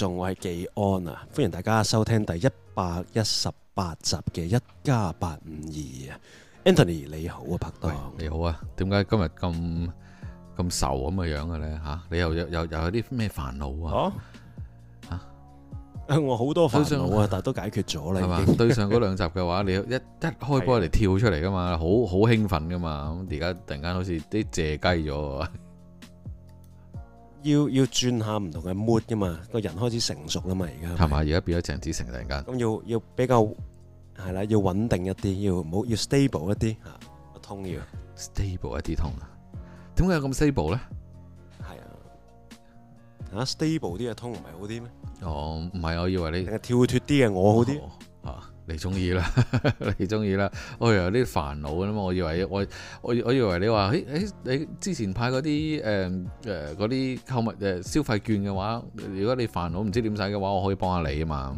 仲我係紀安啊，歡迎大家收聽第一百一十八集嘅一加八五二啊，Anthony 你好啊，拍檔你好啊，點解今日咁咁愁咁嘅樣嘅咧吓？你又有又有啲咩煩惱啊？吓、啊啊啊，我好多煩惱啊，上但係都解決咗啦。係嘛吧？ 對上嗰兩集嘅話，你一一開波嚟，跳出嚟噶嘛，好好興奮噶嘛。咁而家突然間好似啲借雞咗。要要轉下唔同嘅 mood 噶嘛，個人開始成熟啦嘛，而家係嘛，而家變咗鄭子成突然間。咁要要比較係啦，要穩定一啲，要冇要 stable 一啲嚇，tone 要 stable 一啲 tone 啊？點解有咁 stable 咧？係啊，啊 stable 啲嘅 tone 唔係好啲咩？哦，唔係，我以為你跳脱啲嘅我好啲嚇。你中意啦，你中意啦。我又有啲煩惱啊嘛！我以為我我我以為你話，哎哎你之前派嗰啲誒誒啲購物誒、uh, 消費券嘅話，如果你煩惱唔知點使嘅話，我可以幫下你啊嘛。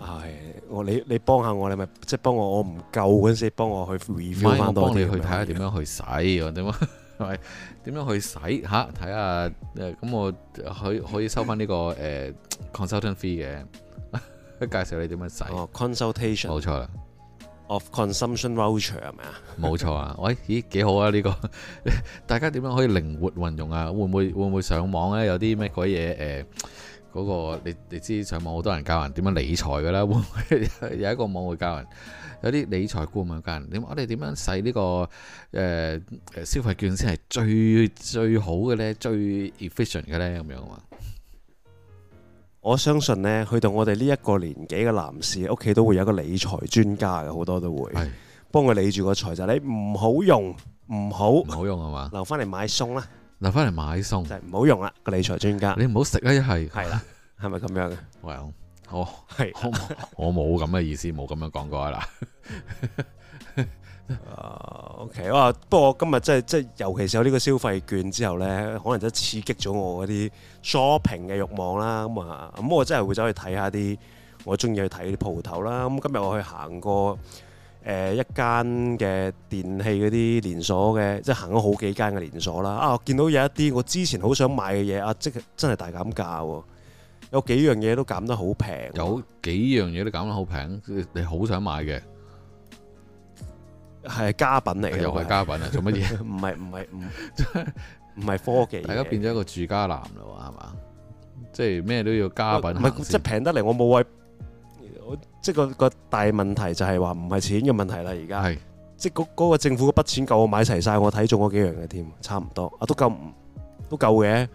係我你你幫下我，你咪即係幫我，我唔夠嗰陣時幫我去 refill 翻多啲。唔係，我幫你去睇下、uh, 點樣去使，我點樣係咪點樣去使嚇？睇下誒，咁我可以可以收翻呢個誒 consultation fee 嘅。介紹你點樣使？哦，oh，consultation 冇錯啦，of consumption voucher 係咪啊？冇錯啊！喂，咦幾好啊呢個？大家點樣可以靈活運用啊？會唔會會唔會上網咧？有啲咩鬼嘢誒？嗰、呃那個你你知上網好多人教人點樣理財㗎啦？會唔會有一個網會教人？有啲理財顧問教人點？我哋點樣使呢個誒誒、呃、消費券先係最最好嘅咧？最 efficient 嘅咧咁樣啊？我相信呢，去到我哋呢一個年紀嘅男士，屋企都會有一個理財專家嘅。好多都會，幫佢理住個財就係你，你唔好用，唔好唔好用係嘛？留翻嚟買餸啦，留翻嚟買餸，就唔好用啦個理財專家，你唔好食啊一係，係啦，係咪咁樣嘅喂係，我我冇咁嘅意思，冇咁 樣講過啊 啊，OK 啊，不過今日即係即係，尤其是有呢個消費券之後呢，可能真係刺激咗我嗰啲 shopping 嘅慾望啦。咁啊，咁我真係會走去睇下啲我中意去睇啲鋪頭啦。咁今日我去行過誒一間嘅電器嗰啲連鎖嘅，即係行咗好幾間嘅連鎖啦。啊，我見到有一啲我之前好想買嘅嘢，啊，即係真係大減價喎！有幾樣嘢都減得好平，有幾樣嘢都減得好平，你好想買嘅。係家品嚟嘅，又係家品啊！做乜嘢？唔係唔係唔唔係科技。大家變咗一個住家男咯，係嘛？即係咩都要家品。唔係即平得嚟，我冇位。我即個個大問題就係話唔係錢嘅問題啦。而家係即嗰嗰個政府嘅筆錢夠我買齊晒，我睇中嗰幾樣嘅添，差唔多啊，都夠唔都夠嘅。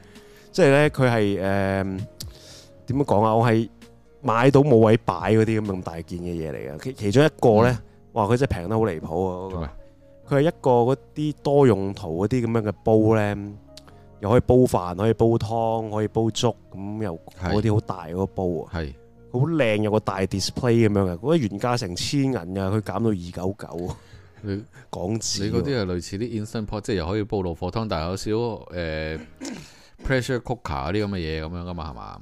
即係咧，佢係呃點樣講啊？我係買到冇位擺嗰啲咁咁大件嘅嘢嚟嘅。其其中一個咧。哇，佢真係平得好離譜啊！佢係麼一個嗰啲多用途嗰啲咁樣嘅煲咧，又可以煲飯，可以煲湯，可以煲粥，咁又嗰啲好大嗰個煲是個 啊！好靚，有個大 display 咁樣嘅，嗰啲原價成千銀啊，佢減到二九九。你港紙？你嗰啲係類似啲 instant pot，即係又可以煲老火湯，但係有少誒、呃、 pressure cooker 啲咁嘅嘢咁樣噶嘛，係嘛？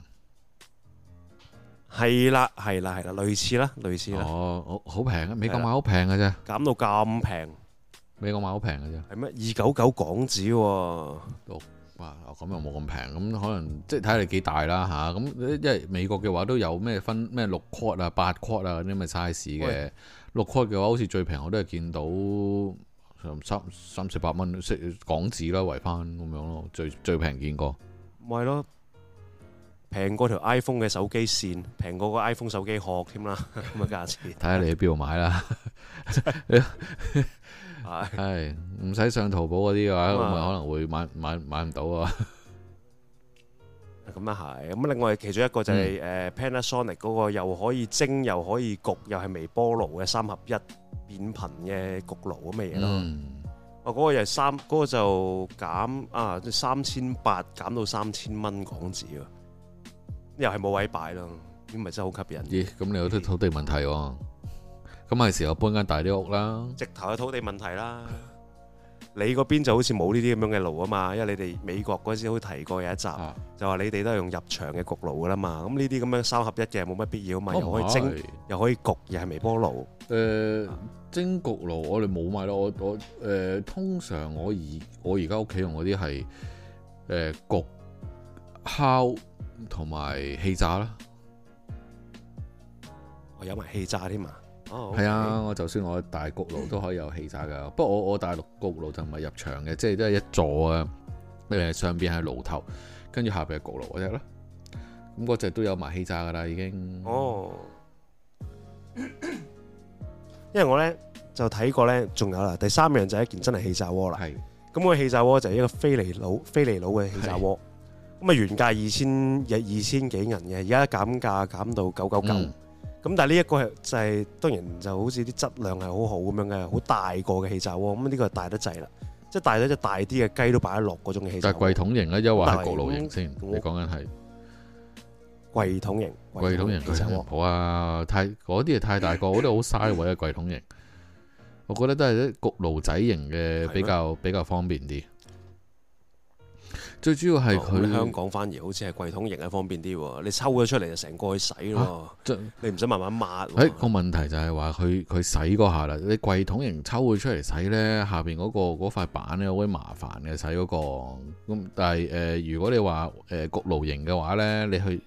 係啦，係啦，係啦，類似啦，類似啦。哦，好好平啊，美國買好平嘅啫。啦減到咁平，美國買好平嘅啫。係咩？二九九港紙喎、啊哦。哇，咁又冇咁平，咁可能即係睇嚟幾大啦吓。咁、啊、因為美國嘅話都有咩分咩六 quart 啊 qu、八 quart 啊嗰啲咪 size 嘅。六 quart 嘅話，好似最平我都係見到三三四百蚊，港紙啦，圍翻咁樣咯，最最平見過。咪咯。.平過條 iPhone 嘅手機線，平過個 iPhone 手機殼添啦，咁嘅價錢。睇下你喺邊度買啦，係唔使上淘寶嗰啲嘅話，咁咪可能會買買買唔到啊。咁啊係，咁啊另外其中一個就係誒 Panasonic 嗰個又可以蒸又可以焗又係微波爐嘅三合一變頻嘅焗爐咁嘅嘢咯。啊嗰個又係三，嗰個就減啊三千八減到三千蚊港紙喎。又係冇位擺咯，咁咪真係好吸引。咦？咁你有啲土地問題喎、啊？咁係 時候搬間大啲屋啦。直頭係土地問題啦。 你嗰邊就好似冇呢啲咁樣嘅爐啊嘛，因為你哋美國嗰陣時都提過有一集，啊、就話你哋都係用入牆嘅焗爐噶啦嘛。咁呢啲咁樣三合一嘅冇乜必要啊嘛，啊又可以蒸，又可以焗，又係微波爐。誒、呃啊、蒸焗爐我哋冇買咯，我我誒、呃、通常我而我而家屋企用嗰啲係誒焗烤，烤。同埋氣炸啦，我有埋氣炸添嘛？哦，係啊，我就算我大焗爐都可以有氣炸噶。不過我我大陸焗爐就唔係入牆嘅，即係都係一座啊。誒，上邊係爐頭，跟住下邊係焗爐嘅咯。咁嗰隻都有埋氣炸噶啦，已經。哦、oh. ，因為我咧就睇過咧，仲有啦，第三樣就係一件真係氣炸鍋啦。係的，咁個氣炸鍋就係一個飛利浦飛利浦嘅氣炸鍋。咁啊原價二千二二千幾銀嘅，而家減價減到九九九。咁但係呢一個係就係當然就好似啲質量係好好咁樣嘅，好大個嘅氣炸鍋。咁呢個大得滯啦，即係大到隻大啲嘅雞都擺得落嗰種嘅氣炸鍋。但係櫃桶型咧，抑或係焗爐型先？你講緊係櫃桶型？櫃桶型嘅唔好啊，太嗰啲嘢太大個，嗰啲好嘥位啊！櫃桶型，我覺得都係啲焗爐仔型嘅比較 比較方便啲。最主要係佢、哦、香港反而好似係櫃桶型係方便啲喎，你抽咗出嚟就成個去洗喎，啊、你唔使慢慢抹、啊。誒、哎嗰個問題就係話佢佢洗嗰下啦，你櫃桶型抽佢出嚟洗呢，下邊嗰、嗰個嗰塊板呢，好鬼麻煩嘅洗嗰、嗰個。咁、嗯、但係誒、呃，如果你話誒、呃、焗爐型嘅話呢，你去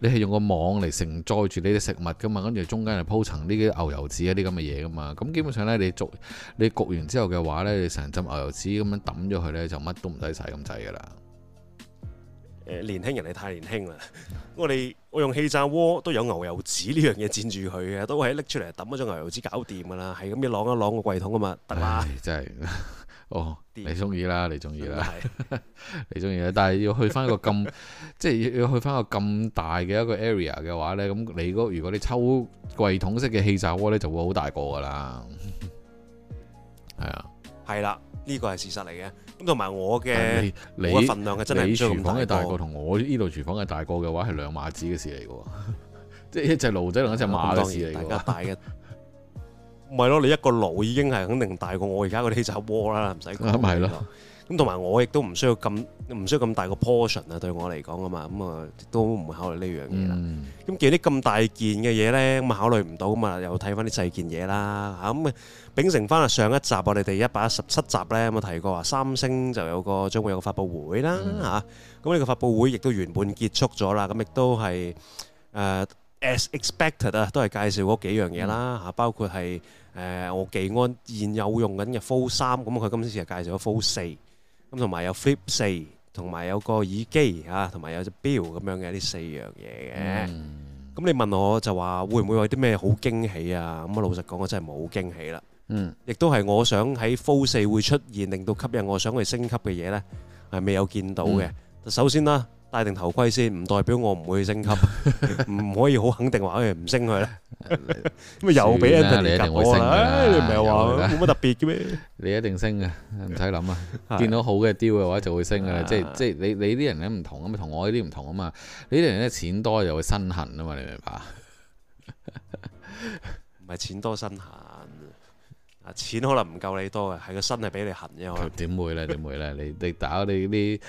你係用個網嚟承載住呢啲食物噶嘛，跟住中間係鋪層呢啲牛油紙一啲咁嘅嘢噶嘛。咁、嗯、基本上呢，你焗你焗完之後嘅話呢，你成浸牛油紙咁樣揼咗佢呢，就乜都唔使洗咁滯噶啦。誒年輕人你太年輕啦！我哋我用氣炸鍋都有牛油紙呢樣嘢佔住佢嘅，都係拎出嚟揼咗牛油紙搞掂噶啦，係咁樣攞一攞個櫃桶啊嘛，得啦！真係哦，哦，你中意啦， 你中意啦，你中意啦，但係要去翻個咁即係要要去翻個咁大嘅一個 area 嘅話咧，咁你如果你抽，抽櫃桶式嘅氣炸鍋咧，就會好大個噶啦，係啊，係啦，呢個係事實嚟嘅。同埋我嘅，你份量嘅真係最唔同。廚房嘅大個同我呢度廚房嘅大個嘅話，係兩碼子嘅事嚟嘅喎，即 係一隻爐仔同一隻馬嘅事嚟嘅，嗯、大家大嘅，唔係咯？你一個爐已經係肯定大過我而家嗰啲炒鍋、嗯、是是啦，唔使講。係咯。咁同埋我亦都唔需要咁唔需要咁大個 portion 啊，對我嚟講啊嘛，咁啊都唔會考慮呢樣嘢啦。咁見啲咁大件嘅嘢咧，咁啊考慮唔到啊嘛，又睇翻啲細件嘢啦嚇。咁啊，秉承翻啊上一集我哋第一百一十七集咧有冇提過話，三星就有個將會有個發布會啦嚇。咁呢個發布會亦都完滿結束咗啦，咁亦都係誒 as expected 啊，都係介紹嗰幾樣嘢啦嚇，包括係誒我技安現有用緊嘅 Fold 三，咁佢今次就介紹咗 Fold 四。咁同埋有 Flip 四，同埋有個耳機啊，同埋有隻表咁樣嘅呢四樣嘢嘅。咁、嗯、你問我就話會唔會有啲咩好驚喜啊？咁、嗯、啊老實講，我真係冇驚喜啦。嗯、亦都係我想喺 Full 四會出現，令到吸引我想去升級嘅嘢呢，係未有見到嘅。嗯、首先啦。戴定頭盔先，唔代表我唔會升級，唔可以好肯定話，哎唔升佢咧，咁又俾阿 Ton 你一定會升、啊啊。你唔係又話冇乜特別嘅咩？啊、你一定升嘅，唔使諗啊！ 見到好嘅雕嘅話就會升嘅，即係即係你你啲人咧唔同，咁同我呢啲唔同啊嘛，你啲人咧錢多又會身痕啊嘛，你明唔明白？唔 係錢多身痕。啊，錢可能唔夠你多嘅，係個身係俾你痕啫嘛。點會咧？點會咧？你你打你啲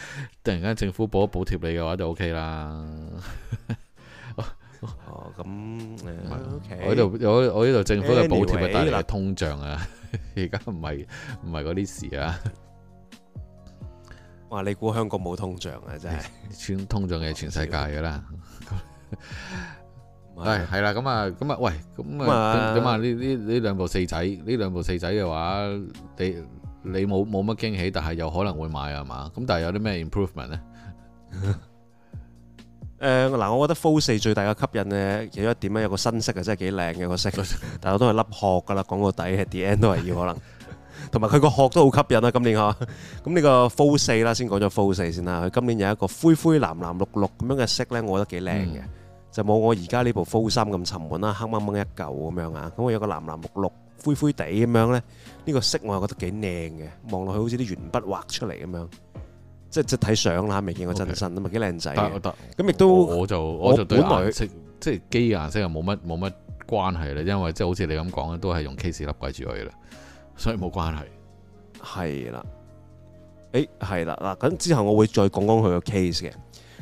突然間政府補一補貼你嘅話就 OK 啦。哦，咁誒，我呢度我我呢度政府嘅補貼咪帶嚟嘅通脹啊，而家唔係唔係嗰啲事啊。哇！你估香港冇通脹啊？真係全通脹嘅全世界噶啦。係係啦，咁啊，咁啊，喂，咁啊，咁啊，呢呢呢兩部四仔，呢兩部四仔嘅話，你你冇冇乜驚喜，但係有可能會買啊嘛？咁但係有啲咩 improvement 咧？誒，嗱，我覺得 Fold 四最大嘅吸引嘅其中一點咧，有個新色嘅，真係幾靚嘅個色，但係都係粒殼噶啦，講到底係 D N 都係要可能，同埋佢個殼都好吸引啊！今年吓，咁呢個 Fold 四啦，先講咗 Fold 四先啦，佢今年有一個灰灰藍藍綠綠咁樣嘅色咧，我覺得幾靚嘅。就冇我而家呢部 full 三咁沉悶啦，黑掹掹一嚿咁樣啊，咁我有個藍藍木綠灰灰地咁樣咧，呢個色我又覺得幾靚嘅，望落去好似啲鉛筆畫出嚟咁樣，即係即係睇相啦，未見過真身啊嘛，幾靚 Okay. 仔。得得，咁亦都我就我就對顏色即機嘅顏色又冇乜冇乜關係咧，因為即係好似你咁講都係用 case 笠鬼住佢啦，所以冇關係。係啦，誒係啦嗱，咁之後我會再講講佢個 case 嘅。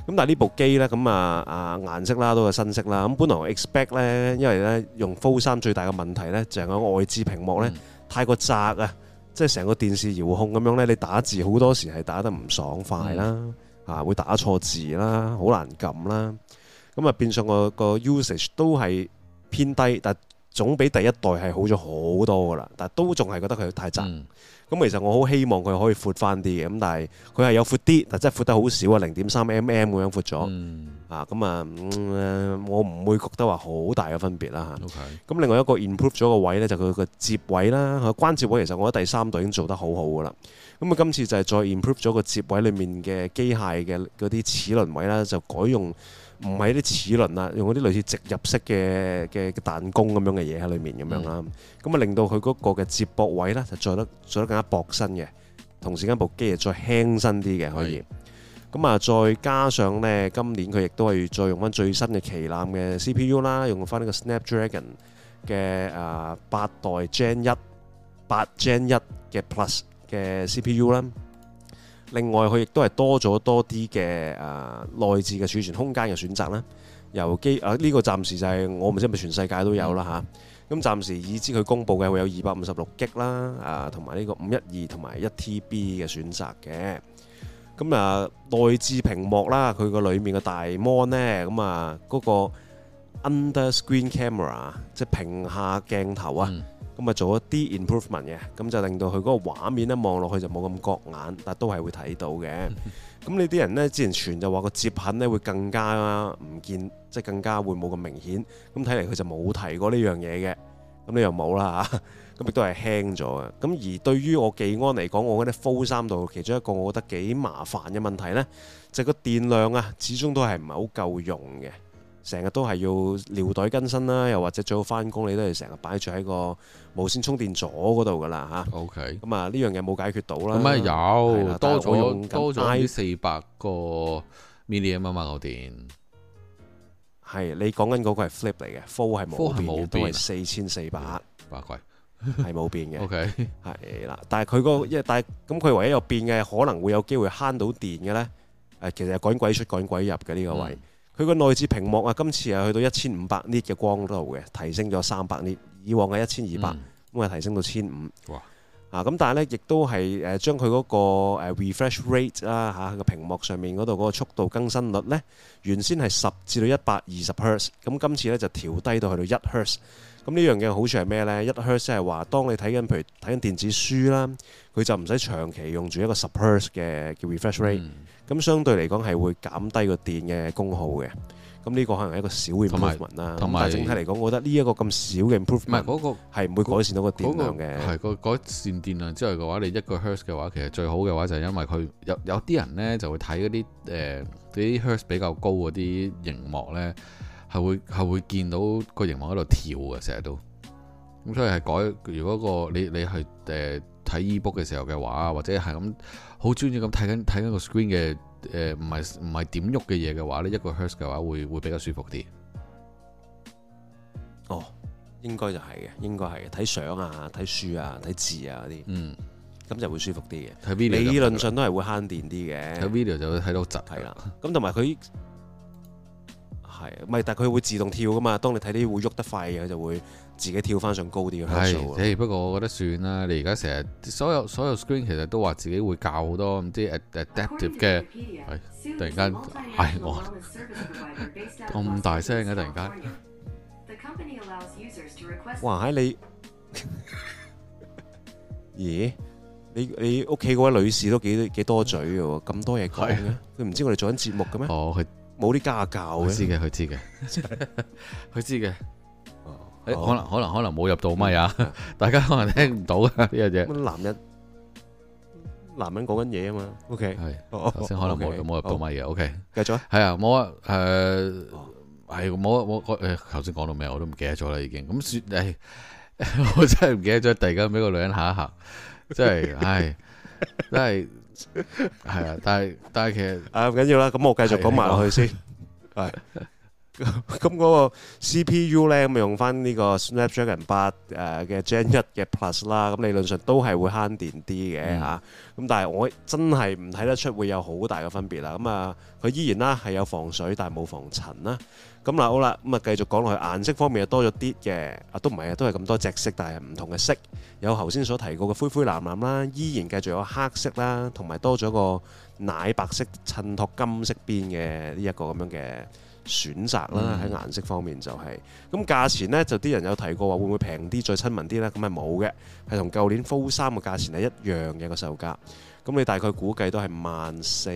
咁但係呢部機呢，咁啊啊顏色啦都係新色啦。咁本來我 expect 呢，因為呢用 Fold 三最大嘅問題呢，就係、是、個外置屏幕呢，嗯、太過窄啊，即係成個電視遙控咁樣呢，你打字好多時係打得唔爽快啦，嚇、嗯啊、會打錯字啦，好難撳啦。咁啊變相個 usage 都係偏低，但係總比第一代係好咗好多噶啦，但都仲係覺得佢太窄。嗯嗯咁其實我好希望佢可以闊翻啲嘅，咁但係佢係有闊啲，但真係闊得好少、mm 嗯、啊，零點三 mm 咁樣闊咗啊，咁啊，我唔會覺得話好大嘅分別啦嚇。咁、啊、Okay. 另外一個 improve 咗個位呢，就佢個接位啦，關節位其實我覺得第三代已經做得好好噶啦，咁啊今次就係再 improve 咗個接位裡面嘅機械嘅嗰啲齒輪位啦，就改用。唔係啲齒輪啦，用嗰啲類似直入式嘅嘅彈弓咁樣嘅嘢喺裏面咁、嗯、樣啦，咁啊令到佢嗰個嘅接駁位咧就做得做得更加薄身嘅，同時間部機啊再輕身啲嘅可以，咁啊是再加上咧今年佢亦都係再用翻最新嘅旗艦嘅 CPU 啦，用翻呢個 Snapdragon 嘅啊八代 Gen 一，八 Gen 一嘅 Plus 嘅 CPU 啦、嗯。嗯。另外佢亦都係多咗多啲嘅誒內置嘅儲存空間嘅選擇啦，由機啊呢、這個暫時就係、是、我唔知係咪全世界都有啦嚇。咁、啊、暫時已知佢公布嘅會有二百五十六 G 啦，啊同埋呢個五一二同埋一 TB 嘅選擇嘅。咁啊內置屏幕啦，佢個裏面嘅大模呢？咁啊嗰、那個 under screen camera 即係屏下鏡頭啊。嗯。咁啊，做一啲 improvement 嘅，咁就令到佢嗰個畫面咧望落去就冇咁割眼，但都係會睇到嘅。咁呢啲人呢之前傳就話個摺痕呢會更加唔見，即係更加會冇咁明顯。咁睇嚟佢就冇提過呢樣嘢嘅。咁呢樣冇啦吓，咁亦都係輕咗嘅。咁而對於我技安嚟講，我覺得 full 三度其中一個我覺得幾麻煩嘅問題呢，就係、是、個電量啊，始終都係唔係好夠用嘅。成日都係要尿袋更新啦，又或者最好翻工你都係成日擺住喺個無線充電座嗰度噶啦吓 OK。咁啊，呢樣嘢冇解決到啦。咁啊，有的多咗了多咗四百個 million 啊嘛，你個電。係你講緊嗰個係 flip 嚟嘅，four 係冇變嘅，四千四百，八貴係冇變嘅。OK。係啦，但係佢個一但咁佢唯一有變嘅可能會有機會慳到電嘅咧，誒，其實係趕鬼出趕鬼入嘅呢個位。嗯佢個內置屏幕啊，今次係去到一千五百 nit 嘅光度嘅，提升咗三百 nit，以往係一千二百，咁啊提升到千五。哇啊，咁但係咧，亦都係誒將佢嗰個誒 refresh rate 啦嚇個屏幕上面嗰度嗰個速度更新率呢，原先係十至到一百二十 hertz，咁今次咧就調低到去到一 hertz。咁呢樣嘅好處係咩呢？一 hertz 即係話，當你睇緊譬如睇緊電子書啦，佢就唔使長期用住一個十 hertz 嘅叫 refresh rate，嗯。咁相對嚟講係會減低個電嘅功耗嘅，咁、這、呢個可能一個小嘅 improvement 啦。同埋整體嚟講，我覺得呢一個咁小嘅 improvement 唔係嗰個係唔會改善到個電量嘅、那個。係、那個改善電量之外嘅話，你一個赫嘅話，其實最好嘅話就係因為佢有有啲人咧就會睇嗰啲 Hertz 比較高嗰啲熒幕咧係會係會見到個熒幕喺度跳嘅，成日都咁所以係改如果、那個你你係誒。呃睇 ebook 嘅時候嘅話，或者係咁好專注咁睇緊睇緊個 screen 嘅，誒唔係唔係點喐嘅嘢嘅話呢一個 Hertz 嘅話會會比較舒服啲。哦，應該就係嘅，應該係嘅，睇相啊、睇書啊、睇字啊嗰啲，嗯，咁就會舒服啲嘅。睇 video，理論上都係會慳電啲嘅。睇 video 就會睇到窒，係啦。咁同埋佢。係，唔係，但係佢會自動跳噶嘛。當你睇啲會喐得快嘅嘢，就會自己跳翻上高啲嘅係。不過我覺得算啦。你而家成日所有所有 screen 其實都話自己會較好多啲 ad adaptive 嘅、哎，突然間係、哎、我咁大聲嘅、啊、突然間。 哇！你咦？ 你你屋企嗰位女士都幾幾多嘴喎？咁多嘢講嘅，佢唔的知我哋做緊節目嘅咩？ 哦，係。冇啲家教，佢知嘅，佢知嘅，佢知嘅、哎 oh.。可能可能可能冇入到咪啊！大家可能聽唔到啊呢樣嘢，男人，男人講緊嘢啊嘛。O K，係頭先可能冇冇、oh. Okay. 入到咪嘅。O K，繼續。係啊，冇啊，誒、呃，係冇冇，誒，頭先講到咩我都唔記得咗啦，已經。咁算，誒，我真係唔記得咗，突然間俾個女人嚇一嚇， 真係，唉，真係。係 啊，但係但係其實啊唔緊要啦，咁我繼續講埋落去 哈哈先去。係、嗯，咁嗰 個 CPU 咧，咁用翻呢個 Snapdragon 八誒嘅 Gen 一嘅 Plus 啦，咁理論上都係會慳電啲嘅吓。咁、嗯啊、但係我真係唔睇得出會有好大嘅分別啦。咁、嗯、啊，佢依然啦係有防水，但係冇防塵啦。咁嗱、嗯，好啦，咁啊，繼續講落去，顏色方面又多咗啲嘅，啊，都唔係啊，都係咁多隻色，但係唔同嘅色有頭先所提過嘅灰灰藍藍啦，依然繼續有黑色啦，同埋多咗個奶白色襯托金色邊嘅呢一個咁樣嘅選擇啦。喺、嗯、顏色方面就係、是、咁價錢呢，就啲人有提過話會唔會平啲，再親民啲咧？咁係冇嘅，係同舊年 full 三嘅價錢係一樣嘅、這個售價。咁你大概估計都係萬四、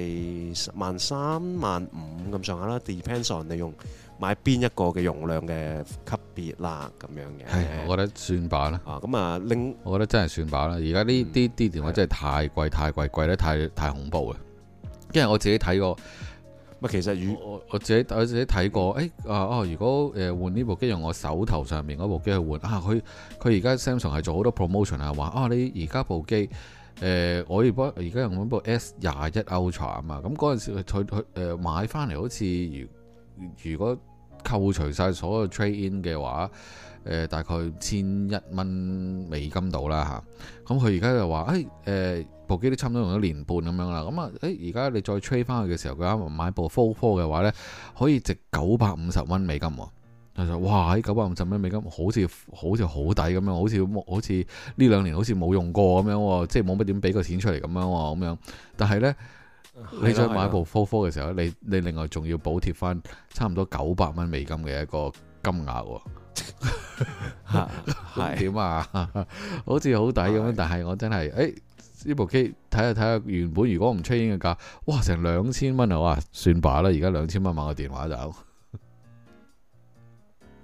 萬三、萬五咁上下啦。Depends on 你用買邊一個嘅容量嘅級別啦，咁樣嘅。係，我覺得算把啦。啊，咁啊拎，我覺得真係算把啦。而家呢啲啲電話真係太貴，了太貴，貴得太太，太恐怖嘅。因為我自己睇過，咪其實我我自己我自己睇過，誒、欸、啊哦、啊，如果誒換呢部機用我手頭上面嗰部機去換啊，佢佢而家 Samsung 係做好多 promotion 啊，話啊你而家部機。啊誒、呃，我而家而家用緊部 S 廿一 Ultra 啊、嗯、嘛，咁嗰陣時佢退去買翻嚟，好似如果扣除晒所有 Trade In 嘅話，誒、呃、大概千、嗯哎呃、一蚊美金到啦嚇。咁佢而家就話，誒誒部機都差唔多用咗年半咁樣啦。咁、嗯、啊，誒而家你再 Trade 翻去嘅時候，佢啱買部 Four Four 嘅話咧，可以值九百五十蚊美金、啊。就哇！喺九百五十蚊美金，好似好似好抵咁樣，好似好似呢兩年好似冇用過咁樣，即係冇乜點俾個錢出嚟咁樣喎，咁樣。但係呢，你想買部科科嘅時候，你你另外仲要補貼翻差唔多九百蚊美金嘅一個金額喎。點啊？好似好抵咁樣，但係我真係，誒呢部機睇下睇下，原本如果唔出現嘅價，哇！成兩千蚊啊！哇，算吧啦，而家兩千蚊買個電話就。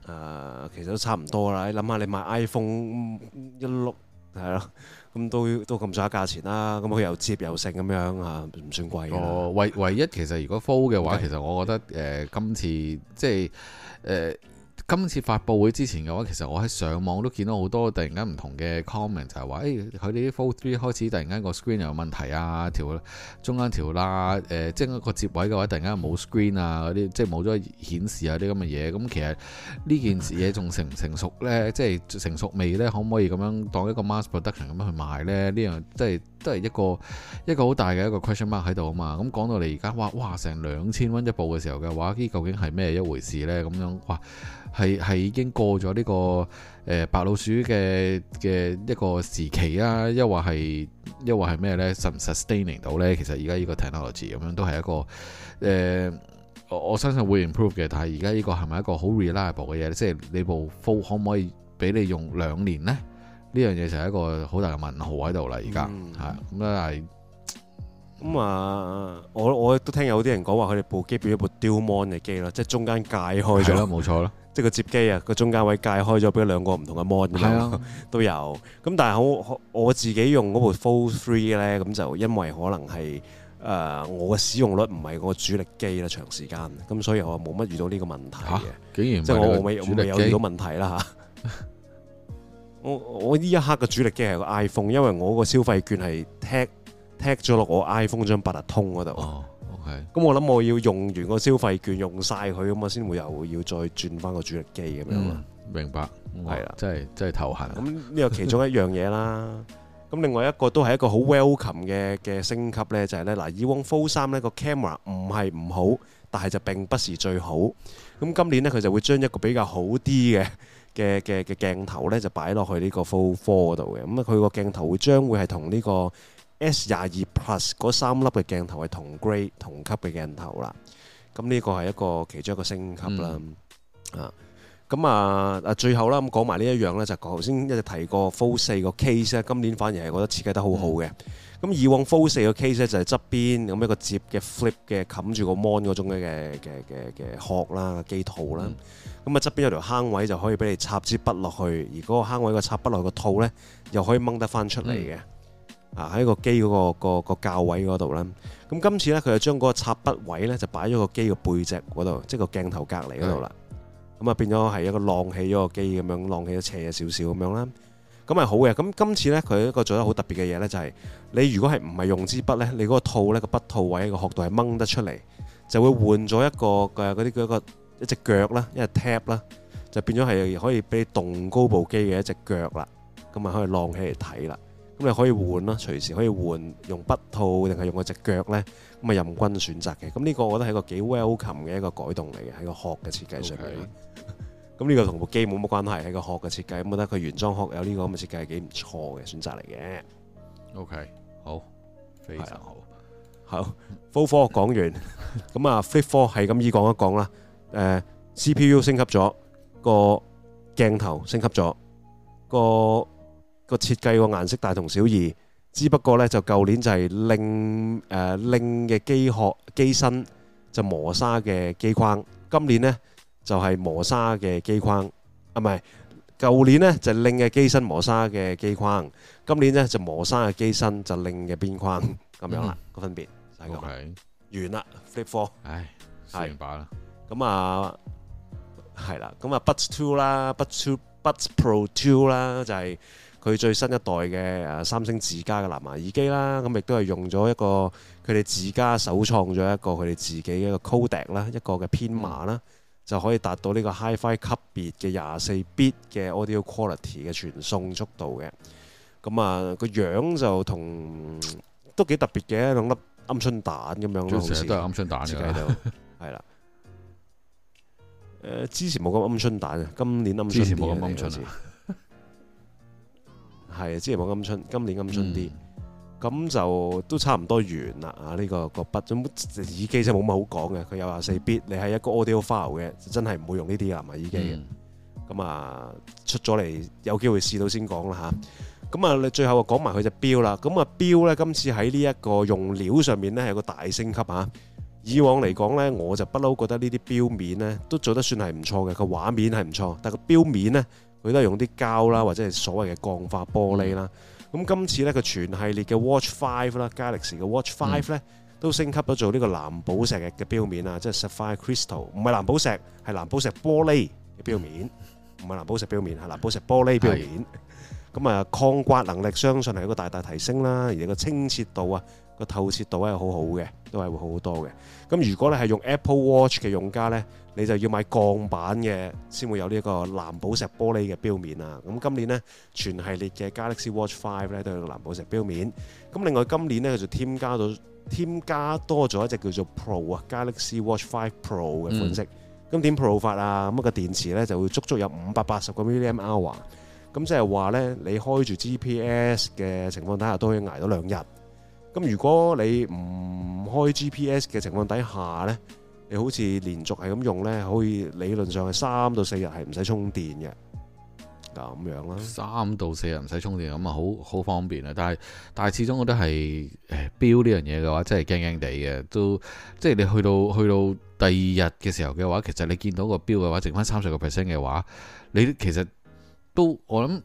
誒其實都差唔多啦，你諗下你買 iPhone 一碌係咯，咁都都咁上下價錢啦，咁佢又折又成咁樣啊，唔算貴。哦、呃，唯唯一其實如果 full 嘅話，的其實我覺得誒、呃、今次即係誒。呃今次發布會之前嘅話，其實我喺上網都見到好多突然間唔同嘅 comment，就係、是、話，誒、哎，佢哋啲 Fold Three 開始突然間個 screen 又有問題啊，條中間條啦，誒、呃，即係一個接位嘅話，突然間冇 screen 啊，嗰啲即係冇咗顯示啊啲咁嘅嘢。咁、嗯、其實呢件事嘢仲成唔成熟呢？即係成熟未呢？可唔可以咁樣當一個 mass production 咁樣去賣呢？呢樣即係都係一個一個好大嘅一個 question mark 喺度啊嘛。咁、嗯、講到嚟而家，哇！哇！成兩千蚊一部嘅時候嘅話，呢究竟係咩一回事呢？咁樣哇！係係已經過咗呢、這個誒、呃、白老鼠嘅嘅一個時期啦、啊，抑或係抑或係咩咧？實唔 sustainable 咧？其實而家呢個 technology 咁樣都係一個誒、呃，我我相信會 improve 嘅。但係而家呢個係咪一個好 reliable 嘅嘢咧？即係你部 full 可唔可以俾你用兩年咧？呢樣嘢就係一個好大嘅問號喺度啦。而家嚇咁咧係。嗯咁啊，我我都聽有啲人講話佢哋部機變咗部 Dual Mon 嘅機咯，即係中間界開咗，係咯，冇錯咯，即係個接機啊個中間位界開咗，變咗兩個唔同嘅 mon 咁樣，都有。咁但係好我自己用嗰部 Fold Three 咧，咁就因為可能係誒我嘅使用率唔係個主力機啦，長時間，咁所以我冇乜遇到呢個問題嘅，竟然即係我未我未有遇到問題啦吓。我我呢一刻嘅主力機係個 iPhone，因為我個消費券係 Tech。踢咗落我 iPhone 張八達通嗰度。哦，OK。咁我諗我要用完個消費券用曬佢，咁我先會又要再轉翻個主力機咁樣。明白。係啦，真係真係頭痕。咁呢個其中一樣嘢啦。咁另外一個都係一個好 welcome 嘅嘅升級咧，就係咧嗱，以往 Full 三咧個 camera 唔係唔好，但係就並不是最好。咁今年咧佢就會將一個比較好啲嘅嘅嘅嘅鏡頭咧就擺落去呢個 Full Four 嗰度嘅。咁啊，佢個鏡頭會將會係同呢個。S 廿二 Plus 嗰三粒嘅鏡頭係同 grade 同級嘅鏡頭啦，咁呢個係一個其中一個升級啦，嗯、啊，咁啊啊最後啦，咁講埋呢一樣呢，就頭先一直提過 Full 四個 case 咧，今年反而係覺得設計得好好嘅，咁、嗯、以往 Full 四個 case 咧就係側邊咁一個接嘅 flip 嘅冚住個 mon 嗰種嘅嘅嘅嘅殼啦，機套啦，咁啊側邊有條坑位就可以俾你插支筆落去，而嗰個坑位個插筆落個套呢，又可以掹得翻出嚟嘅。嗯啊！喺個機嗰個個教位嗰度啦。咁今次呢，佢就將嗰個插筆位呢，就擺咗個機個背脊嗰度，即係個鏡頭隔離嗰度啦。咁啊、嗯、變咗係一個晾起咗個機咁樣，晾起咗斜少少咁樣啦。咁係好嘅。咁今次呢，佢一個做得好特別嘅嘢呢，就係你如果係唔係用支筆呢，你嗰個套呢個筆套位個角度係掹得出嚟，就會換咗一個嗰啲嗰一隻腳啦，一隻 tap 啦，就變咗係可以俾你棟高部機嘅一隻腳啦，咁啊可以晾起嚟睇啦。咁你可以換啦，隨時可以換用筆套定係用嗰隻腳咧，咁啊任君選擇嘅。咁呢個我覺得係個幾 welcome 嘅一個改動嚟嘅，喺個殼嘅設計上面。咁呢 Okay. 個同部機冇乜關係，喺個殼嘅設計。咁覺得佢原裝殼有呢個咁嘅設計係幾唔錯嘅選擇嚟嘅。OK，好，非常、啊、好。 好，four four 講完，咁 啊 five four 係咁易講一講啦。誒、呃、CPU 升級咗，個鏡頭升級咗，個。個設計個顏色大同小異，只不過咧就舊年就係令誒令嘅機殼機身就磨砂嘅機框，今年咧就係磨砂嘅機框，啊唔係，舊年咧就令嘅機身磨砂嘅機框，今年咧就磨砂嘅機身就令嘅邊框咁樣啦，個分別，OK，完啦，Flip Four，唉，四把啦，咁啊係啦，咁啊 Buds Two 啦，Buds Two Buds Pro Two 啦，就係。佢最新一代嘅誒三星自家嘅藍牙耳機啦，咁亦都係用咗一個佢哋自家首創咗一個佢哋自己嘅一個 codec 啦，一個嘅編碼啦，嗯、就可以達到呢個 HiFi 級別嘅廿四 bit 嘅 audio quality 嘅傳送速度嘅。咁啊，個樣就同都幾特別嘅兩粒鵪鶉蛋咁樣好似都係鵪鶉蛋嘅啦，係啦。 誒，之前冇咁鵪鶉蛋嘅，今年鵪鶉，鵪鶉蛋。 係，之前冇咁春，今年咁春啲，咁、嗯、就都差唔多完啦。啊、呢個，呢、呢個個筆，咁耳機真係冇乜好講嘅。佢有廿四 bit、嗯、你係一個 audio file 嘅，就真係唔會用呢啲㗎嘛耳機。咁、嗯、啊，出咗嚟有機會試到先講啦吓，咁啊，你、啊、最後講埋佢隻表啦。咁啊，表咧今次喺呢一個用料上面咧係個大升級啊，嗯、以往嚟講咧，我就不嬲覺得呢啲表面咧都做得算係唔錯嘅，個畫面係唔錯，但個表面咧。佢都係用啲膠啦，或者係所謂嘅鋼化玻璃啦。咁今次咧，佢全系列嘅 Watch Five 啦，Galaxy 嘅 Watch Five 咧，都升級咗做呢個藍寶石嘅嘅表面啊，即係 Sapphire Crystal，唔係藍寶石，係藍寶石玻璃嘅表面，唔係藍寶石表面，係藍寶石玻璃表面。咁啊，抗刮能力相信係一個大大提升啦，而且個清澈度啊。個透徹度係好好嘅，都係會好好多嘅。咁如果你係用 Apple Watch 嘅用家咧，你就要買鋼板嘅先會有呢個藍寶石玻璃嘅錶面啊。咁今年咧，全系列嘅 Galaxy Watch Five 咧，都係藍寶石錶面。咁另外今年咧，佢就添加咗添加多咗一隻叫做 Pro 啊，Galaxy Watch Five Pro 嘅款式。咁點 Pro 法啊？咁個電池咧就會足足有五百八十個 mAh。咁即係話咧，你開住 GPS 嘅情況底下都可以捱到兩日。咁如果你唔開 GPS 嘅情況底下呢，你好似連續係咁用呢，可以理論上係三到四日係唔使充電嘅，咁樣啦。三到四日唔使充電，咁啊好好方便啊！但係但係始終我覺得係誒錶呢樣嘢嘅話，真係驚驚地嘅，都即係你去到去到第二日嘅時候嘅話，其實你見到個錶嘅話，剩翻三十個 percent 嘅話，你其實都我諗。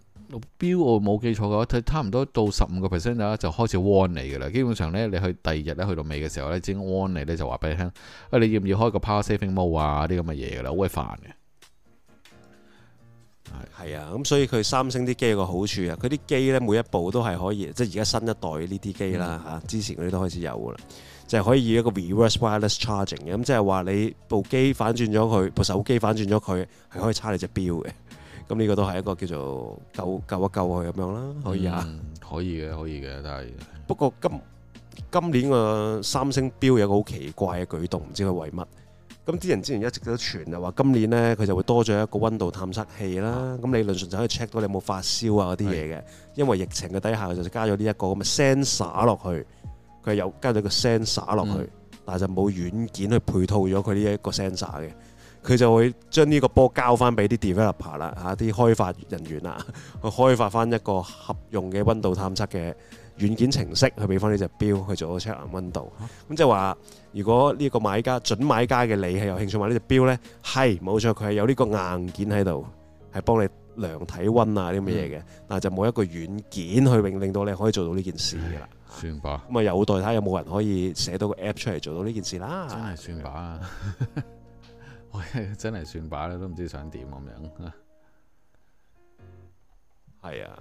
標我冇記錯嘅話，佢差唔多到十五個 percent 啦，就開始 warn 你噶啦。基本上咧，你去第二日咧，去到尾嘅時候咧，已經 warn you，你咧，就話俾你聽，哎，你要唔要開個 power saving mode 啊？啲咁嘅嘢噶啦，好鬼煩嘅。係啊，咁所以佢三星啲機有個好處啊，佢啲機咧，每一部都係可以，即係而家新一代呢啲機啦吓，嗯、之前嗰啲都開始有噶啦，就係、是、可以一個 reverse wireless charging。咁即係話你部機反轉咗佢，部手機反轉咗佢，係可以叉你隻表嘅。咁呢個都係一個叫做救救一救佢咁樣啦，可以啊、嗯，可以嘅，可以嘅，但係不過今今年個三星錶有個好奇怪嘅舉動，唔知佢為乜。咁啲人之前一直都傳就話今年呢，佢就會多咗一個溫度探測器啦。咁理論上就可以 check 到你有冇發燒啊嗰啲嘢嘅。是因為疫情嘅底下就是、加咗呢一個咁嘅 sensor 落去，佢、嗯、有加咗個 sensor 落去，但係就冇軟件去配套咗佢呢一個 sensor 嘅。佢就會將呢個波交翻俾啲 developer 啦，嚇啲開發人員啊人員，去開發翻一個合用嘅溫度探測嘅軟件程式，去俾翻呢隻錶去做到檢檢測量溫度。咁即係話，如果呢個買家、準買家嘅你係有興趣買呢隻錶呢，係冇錯，佢係有呢個硬件喺度，係幫你量體溫啊啲咁嘅嘢嘅，嗯、但係就冇一個軟件去令到你可以做到呢件事嘅啦。算吧，咁啊，有待睇有冇人可以寫到個 app 出嚟做到呢件事啦。真係算吧。 真係算把啦，都唔知想點咁樣。係 啊，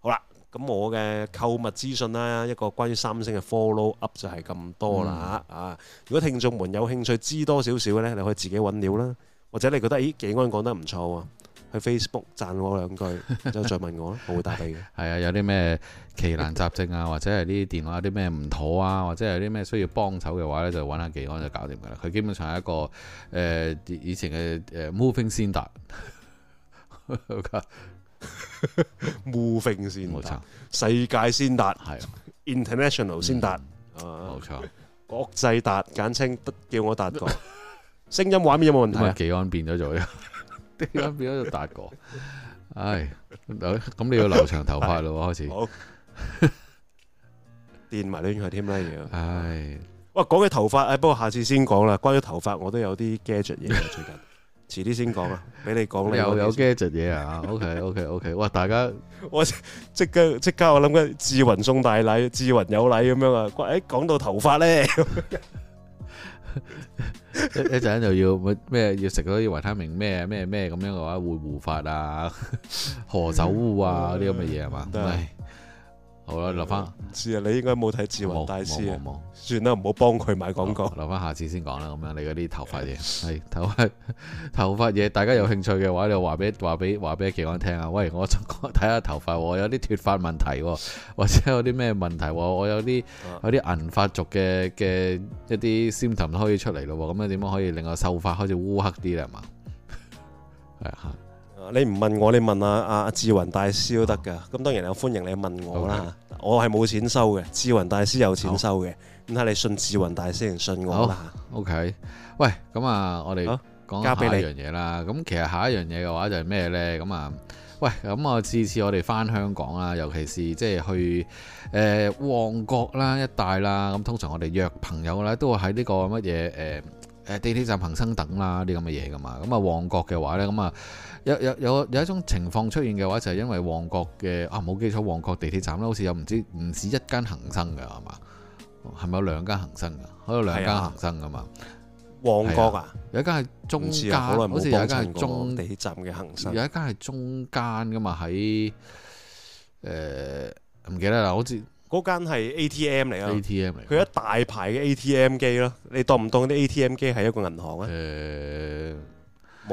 好啦，咁我嘅購物資訊啦，一個關於三星嘅 follow up 就係咁多啦吓、嗯啊。如果聽眾們有興趣知多少少嘅呢，你可以自己揾料啦，或者你覺得咦，紀安講得唔錯喎。去 Facebook 讚我兩句，之後再問我咧， 我會答你嘅。係啊，有啲咩奇難雜症啊，或者係呢啲電話有啲咩唔妥啊，或者係有啲咩需要幫手嘅話咧，就揾下技安就搞掂噶啦。佢基本上係一個誒、呃、以前嘅誒、呃、Moving 先達，Moving 先達，世界先達，係 International 先達，冇錯，國際達簡稱，得叫我達哥， 聲音畫面有冇問題？技安變咗做。 而家 變咗做達哥，哎，咁你要留長頭髮咯，開始。好， 電埋呢樣嘢添啦，哎，哇，講起頭髮，哎，不過下次先講啦。關於頭髮，我都有啲 gadget 嘢，最近，遲啲先講啊，俾你講有你有。有 gadget 嘢啊，OK OK OK，哇、呃，大家，我即刻即刻，我諗緊志雲送大禮，志雲有禮咁樣啊。哎，講到頭髮咧。 一一陣就要咩要食嗰啲維他命咩咩咩咁樣嘅話，會護髮啊，何首烏啊啲咁嘅嘢係嘛？吧好啦，留翻。是啊、嗯，你應該冇睇《志雲大師》啊，算啦，唔好幫佢買廣告。留翻下次先講啦，咁樣你嗰啲頭髮嘢係頭髮頭髮嘢，大家有興趣嘅話，就話俾話俾話俾奇哥聽啊。喂，我睇下頭髮喎，我有啲脱發問題喎，或者有啲咩問題喎？我有啲有啲銀發族嘅嘅一啲 symptom 可以出嚟咯，咁樣點樣可以令我秀發開始烏黑啲咧？係嘛？係 啊。你唔問我，你問阿、啊、阿智雲大師都得㗎。咁、哦、當然我歡迎你問我啦。Okay. 我係冇錢收嘅，智雲大師有錢收嘅。咁睇好你，你信智雲大師定信我啦。好 OK。喂，咁啊，我哋好交畀你一樣嘢啦。咁其實下一樣嘢嘅話就係咩呢？咁啊，喂，咁啊，次次我哋翻香港啊，尤其是即係去誒、呃、旺角啦、一帶啦，咁通常我哋約朋友咧都會喺呢個乜嘢誒？呃誒地鐵站恒生等啦啲咁嘅嘢噶嘛，咁啊旺角嘅話咧，咁啊有有有有，有一種情況出現嘅話，就係、是、因為旺角嘅啊冇記錯，旺角地鐵站咧好似有唔知唔止一間恒生嘅係嘛，係咪有兩間恒生嘅？有兩間恒生噶嘛、啊？旺角啊，有一間係中間，好似有一間係中地鐵站嘅恒生，有一間係中間噶嘛？喺誒唔記得啦，好似。嗰間係 AT ATM 嚟啊！ATM 嚟，佢一大排嘅 ATM 機咯。你當唔當啲 ATM 機係一個銀行咧？誒、呃，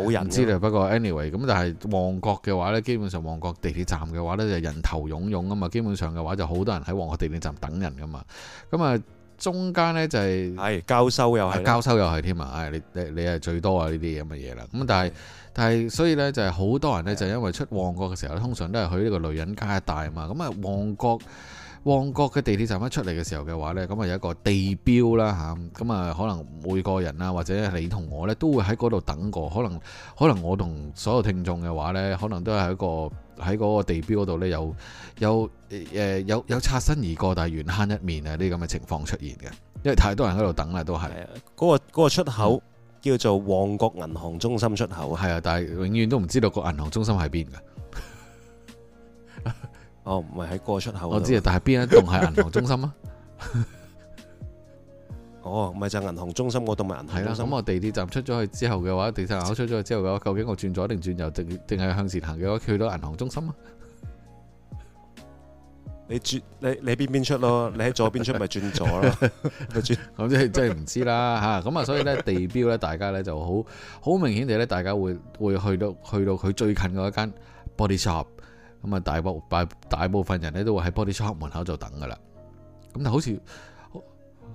冇人知咧。不過 anyway，咁但係旺角嘅話呢，基本上旺角地鐵站嘅話呢，就是、人頭涌湧啊嘛。基本上嘅話就好多人喺旺角地鐵站等人噶嘛。咁、就是哎、啊，中間呢就係係交收又係交收又係添啊！哎、你你你係最多啊呢啲咁嘅嘢啦。咁、就是、但係對 但係，所以呢，就係、是、好多人呢，就因為出旺角嘅時候通常都係去呢個女人街一帶啊嘛。咁啊，旺角。旺角嘅地鐵站一出嚟嘅時候嘅話呢，咁啊有一個地標啦嚇，咁啊可能每個人啊，或者你同我呢，都會喺嗰度等過，可能可能我同所有聽眾嘅話呢，可能都係喺一個喺嗰個地標嗰度呢，有、呃、有誒有有擦身而過，但係緣慳一面啊啲咁嘅情況出現嘅，因為太多人喺度等啦都係。嗰個出口叫做旺角銀行中心出口，係啊，但係永遠都唔知道個銀行中心喺邊㗎。哦，唔係喺過出口。我知道，但係邊一棟係銀行中心啊？ 哦，唔係就銀行中心嗰棟係銀行中心。咁我、嗯、地鐵站出咗去之後嘅話，地鐵口出咗去之後嘅話，究竟我轉左定轉右，定定係向前行嘅話，去到銀行中心啊？你轉你你邊邊出咯？你喺左邊出咪轉 左咯？轉，咁即係真係唔知啦吓。咁 啊，所以咧地標咧，大家咧就好好明顯地咧，大家會會去到去到佢最近嗰一間 Body Shop。咁啊，大部大大部分人咧，都會喺 Body Shop 門口就等噶啦。咁但係好似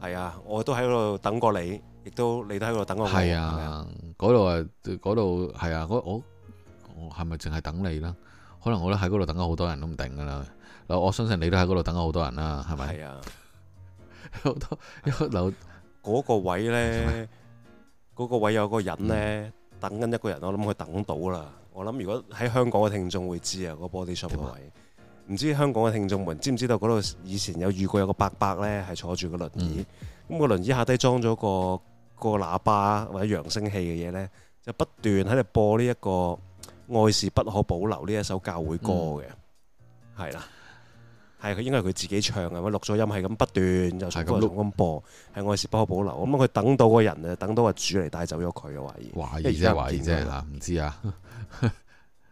係啊，我都喺度等過你，亦都你都喺度等我。係啊，嗰度啊，嗰度係啊，我我我係咪淨係等你啦？可能我都喺嗰度等咗好多人都唔定噶啦。嗱，我相信你都喺嗰度等咗好多人啦，係咪？係啊，好多因為嗱，嗰個位咧，嗰個位有個人咧等緊一個人，我諗佢等到啦。我諗如果喺香港嘅聽眾會知啊，個 body shop 位，唔嗎知香港嘅聽眾們知唔知道嗰度以前有遇過有個伯伯呢，係坐住個輪椅，咁、嗯、個輪椅下低裝咗個個喇叭或者揚聲器嘅嘢呢，就不斷喺度播呢一個愛是不可保留呢一首教會歌嘅，係啦、嗯。係佢，應該係佢自己唱嘅，咁錄咗音，係咁不斷，就咁錄，咁播，係愛是不可保留。咁、嗯、佢等到個人啊，等到個主嚟帶走咗佢嘅懷疑。懷疑啫，懷疑啫，嗱 疑，唔知啊，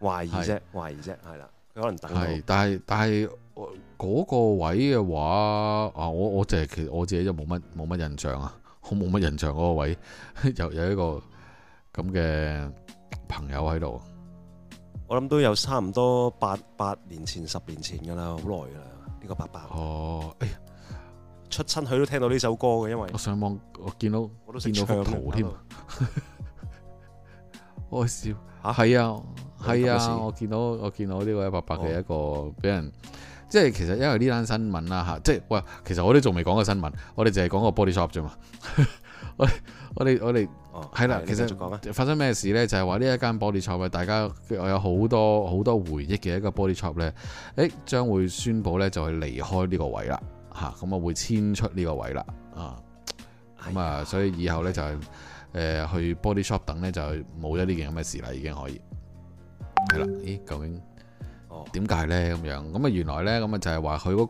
懷疑啫，懷疑啫，係啦，佢可能等。係，但係但係嗰個位嘅話，啊，我我淨係其實我自己就冇乜冇乜印象啊，好冇乜印象嗰個位有 有一個咁嘅朋友喺度。 我諗都有差唔多八八,八年前、十年前嘅啦，好耐嘅啦。個伯伯哦，哎呀，出親佢都聽到呢首歌嘅，因為我上網我見到，我都見到個圖添，我笑吓，係啊係啊，我見到我見到呢位伯伯嘅一個俾、哦、人，即係其實因為呢單新聞啦吓，即係喂，其實我都仲未講過新聞，我哋淨係講個 Body Shop 啫嘛， 我我哋我哋。係啦，哦、了其實發生咩事呢？就係話呢一間 body shop，大家我有好多好多回憶嘅一個 body shop 咧，誒、欸，將會宣布呢就去離開呢個位啦，吓，咁啊會遷出呢個位啦，啊，咁啊，哎、呀所以以後呢的就係誒、呃、去 body shop 等呢，就冇咗呢件咁嘅事啦，已經可以係啦，咦、啊欸，究竟？點解呢？咁樣？咁啊原來呢、那個？咁啊就係話佢嗰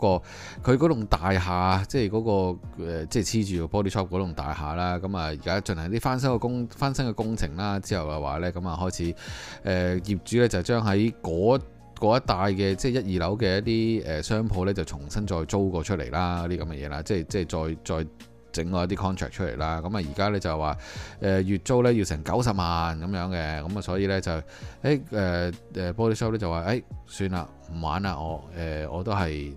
個佢嗰棟大廈，即係嗰、那個、呃、即係黐住個玻璃窗嗰棟大廈啦。咁啊而家進行啲翻新嘅工翻新嘅工程啦，之後嘅話呢，咁啊開始誒、呃、業主呢，就將喺嗰一帶嘅即係一二樓嘅一啲誒商鋪呢，就重新再租過出嚟啦，啲咁嘅嘢啦，即係即係再再。再整外一啲 contract 出嚟啦，咁啊而家咧就話誒、呃、月租咧要成九十萬咁樣嘅，咁啊所以咧就誒誒誒 Body Shop 咧就話誒、欸、算啦，唔玩啦，我誒、呃、我都係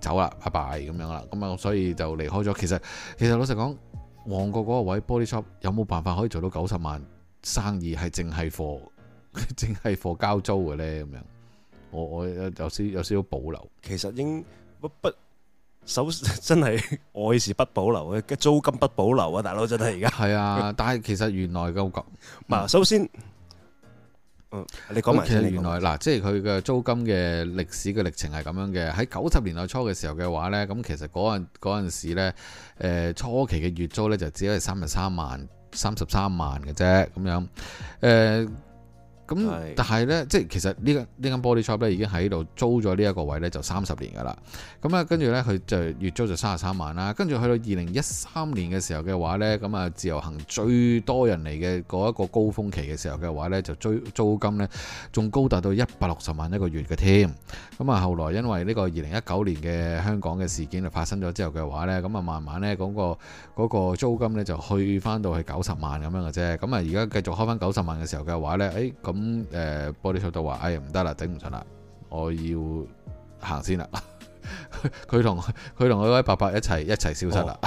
走啦，拜拜咁樣啦，咁啊所以就離開咗。其實其實老實講，旺角嗰個位 Body Shop 有冇辦法可以做到九十萬生意係淨係貨淨係貨交租嘅咧？咁樣我我有少有少保留。其實應不不。首真係愛是不保留嘅，租金不保留啊！大佬真係而家係啊， 但係其實原來嘅感覺。嗱、嗯，首先，你講埋其實原來嗱，即係佢嘅租金嘅歷史嘅歷程係咁樣嘅。喺九十年代初嘅時候嘅話呢，咁其實嗰陣嗰陣時咧，誒、呃、初期嘅月租呢，就只係三十三萬三十三萬嘅啫，咁樣誒。呃咁、嗯，但係咧，即係其實 body 呢間呢間 Body shop 咧，已經喺度租咗呢一個位咧，就三十年噶啦。咁、嗯、啊，跟住咧，佢就月租就三十三萬啦。跟住去到二零一三年嘅時候嘅話咧，咁、嗯、啊，自由行最多人嚟嘅嗰一個高峰期嘅時候嘅話咧，就租租金咧，仲高達到一百六十萬一個月嘅添。咁、嗯、啊，後來因為呢個二零一九年嘅香港嘅事件就發生咗之後嘅話咧，咁、嗯、啊，慢慢咧嗰、那個嗰、那個租金咧就去翻到去九十萬咁樣嘅啫。咁，啊而家繼續開翻九十萬嘅時候嘅話咧，誒、哎。咁誒 Body Shop 都話：，哎呀，唔得啦，頂唔順啦，我要行先啦。佢同佢同佢位伯伯一齊一齊消失啦。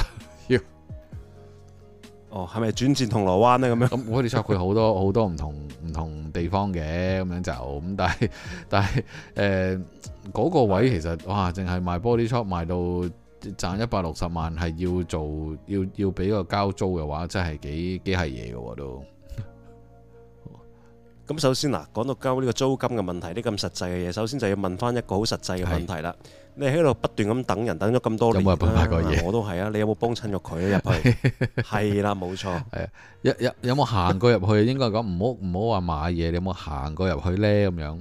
哦，係咪、 哦、轉戰銅鑼灣咧？咁樣咁 Body Shop 佢好多好 多唔同唔同地方嘅咁樣就咁，但係但係誒嗰個位其實的哇，淨係賣 Body Shop 賣到賺一百六十萬，係要做要要俾個交租嘅話，真係幾幾係嘢嘅喎都。咁首先嗱，講到交呢個租金嘅問題，啲咁實際嘅嘢，首先就要問翻一個好實際嘅問題啦。的你喺度不斷咁等人，等咗咁多年，有冇人拍過嘢？我都係啊，你有冇幫襯咗佢入去？係啦， 冇錯。誒，有有有冇行過入去？應該講唔好唔好話買嘢，你有冇行過入去咧？咁樣。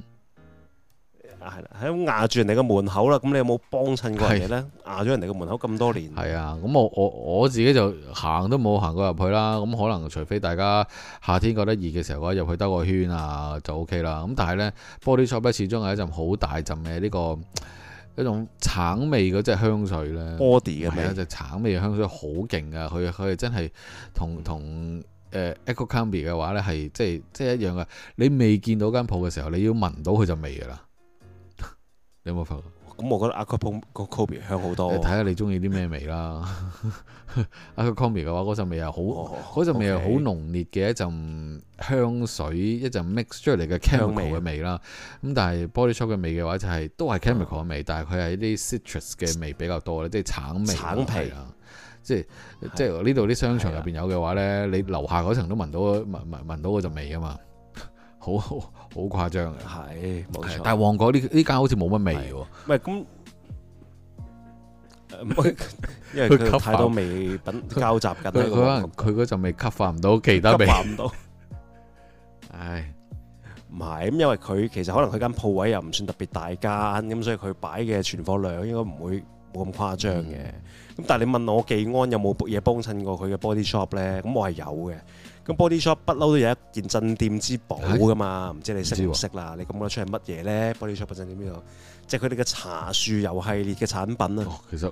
係啦，喺咁壓住人哋嘅門口啦。咁你有冇幫襯過嘢咧？壓咗人哋嘅門口咁多年。係啊，咁我我我自己就行都冇行過入去啦。咁、嗯、可能除非大家夏天覺得熱嘅時候入去兜個圈啊就 OK 啦。咁但係咧玻璃 d y 始終係一陣好大陣嘅呢個、這個、一種橙味嗰隻香水咧，Body 嘅味啊，隻、就是、橙味嘅香水好勁噶。佢佢真係同同誒、呃、Echo Company 嘅話咧係即係即係一樣嘅。你未見到間鋪嘅時候，你要聞到佢就味噶啦。你有冇發覺？咁、嗯、我覺得阿 Kobe 個 Kobe 香好多、啊，看看你。你睇下你中意啲咩味啦。阿 Kobe 嘅話，嗰陣味又好，嗰陣、哦 okay. 味又好濃烈嘅一陣香水，一陣 mix 出嚟嘅 chemical 嘅味啦。咁、啊、但係 Body Shop 嘅味嘅話，就係都係 chemical 嘅味，但係佢係啲 citrus 嘅味比較多咧橙皮，即係橙味、橙皮啊、就是。即係即係呢度啲商場入是、啊、邊有嘅話咧，你樓下嗰層都聞到聞聞聞到嗰陣味啊嘛。好好誇張嘅，係冇錯。錯但係旺角呢呢間好似冇乜味喎。唔係咁，呃、 因為佢太多味品交集緊，佢嗰陣味吸化唔到其他味，唔到。唉、 哎，唔係咁，因為佢其實可能佢間鋪位又唔算特別大間，咁所以佢擺嘅存貨量應該唔會冇咁誇張嘅。咁、嗯、的但係你問我寄安有冇嘢幫襯過佢嘅 body shop 咧？咁我係有嘅。咁 Body Shop 不嬲都有一件鎮店之寶㗎嘛，唔、欸、知你識唔識啦？你講得出係乜嘢咧？Body Shop 鎮店邊度？即係佢哋嘅茶樹油系列嘅產品啊。哦，其實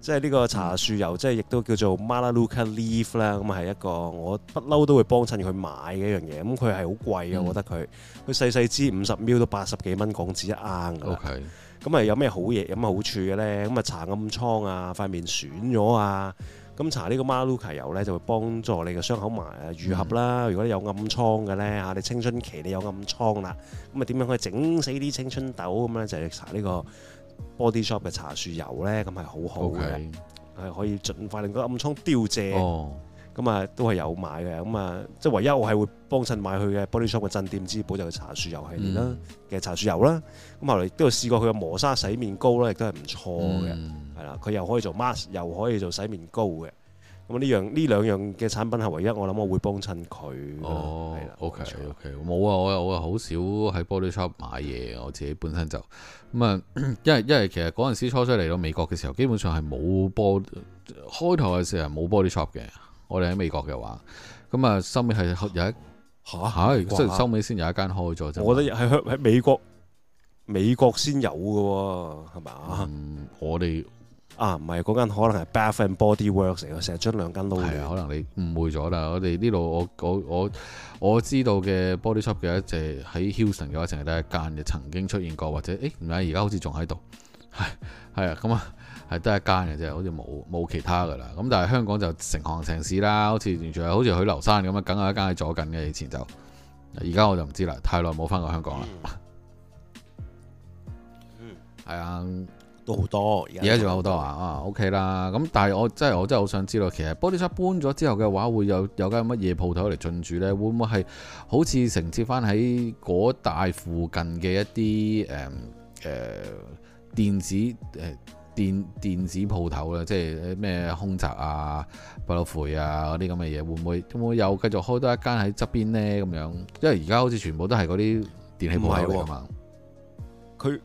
即係呢個茶樹油，嗯、即係亦都叫做 Melaleuca Leaf 啦。咁啊係一個我不嬲都會幫襯佢買嘅一樣嘢。咁佢係好貴啊，嗯、我覺得佢，佢細細支五十 ml 都八十幾蚊港紙一盎嘅啦。OK，咁啊有咩好嘢？有咩好處嘅咧？咁啊搽暗瘡啊，塊面損咗啊。咁搽呢個馬魯卡油咧就會幫助你嘅傷口埋愈合啦。嗯、如果你有暗瘡嘅咧嚇，你青春期你有暗瘡啦，咁啊點樣可以整死啲青春痘咁咧？就係搽呢個 body shop 嘅茶樹油咧，咁係好好嘅，係 Okay. 可以盡快令個暗瘡凋謝。咁啊都係有買嘅，咁啊即係唯一我係會幫襯買佢嘅 body shop 嘅鎮店之寶就係茶樹油系列啦嘅、嗯、茶樹油啦。咁後來都有試過佢嘅磨砂洗面膏啦，亦都係唔錯嘅。嗯佢又可以做 mask，又可以做洗面膏嘅。咁呢樣呢兩樣嘅產品係唯一，我諗我會幫襯佢。哦，係啦，OK OK。冇啊，我又我又好少喺 body shop 買嘢。我自己本身就咁啊，因為因為，因為其實嗰陣時初初嚟到美國嘅時候，基本上係冇 body，開頭嘅時候冇 body shop 嘅。我哋喺美國嘅話，咁啊收尾係有一嚇係，即係收尾先有一間開咗。我覺得喺喺美國美國先有嘅喎，係咪？嗯，我哋。啊，唔係嗰間可能係 Bath and Body Works 嚟嘅，成日將兩間撈住。係啊，可能你誤會咗啦。我哋呢度我我我，我知道嘅 Body Shop 嘅一隻喺 Hilton 嘅話，成日得一間嘅，曾經出現過或者誒唔係而家好似仲喺度。係係啊，咁啊係得一間嘅啫，好似冇冇其他噶啦。咁但係香港就成行成市啦，好似完全係好似許留山咁啊，梗係一間喺左近嘅。以前就而家我就唔知啦，太耐冇翻過香港啦。嗯，係、嗯、啊。都好多，而家仲有好多啊！啊，OK 啦。咁但係我真係我真係好想知道，其實 Body Shop 搬咗之後嘅話，會有有間乜嘢鋪頭嚟進駐咧？會唔會係好似承接翻喺嗰帶附近嘅一啲誒誒電子誒、呃、電電子鋪頭咧？即係咩空宅啊、百老匯啊嗰啲咁嘅嘢，會唔會會唔會又繼續開多一間喺側邊咧？咁樣，因為而家好似全部都係嗰啲電器鋪喺度嘛。佢。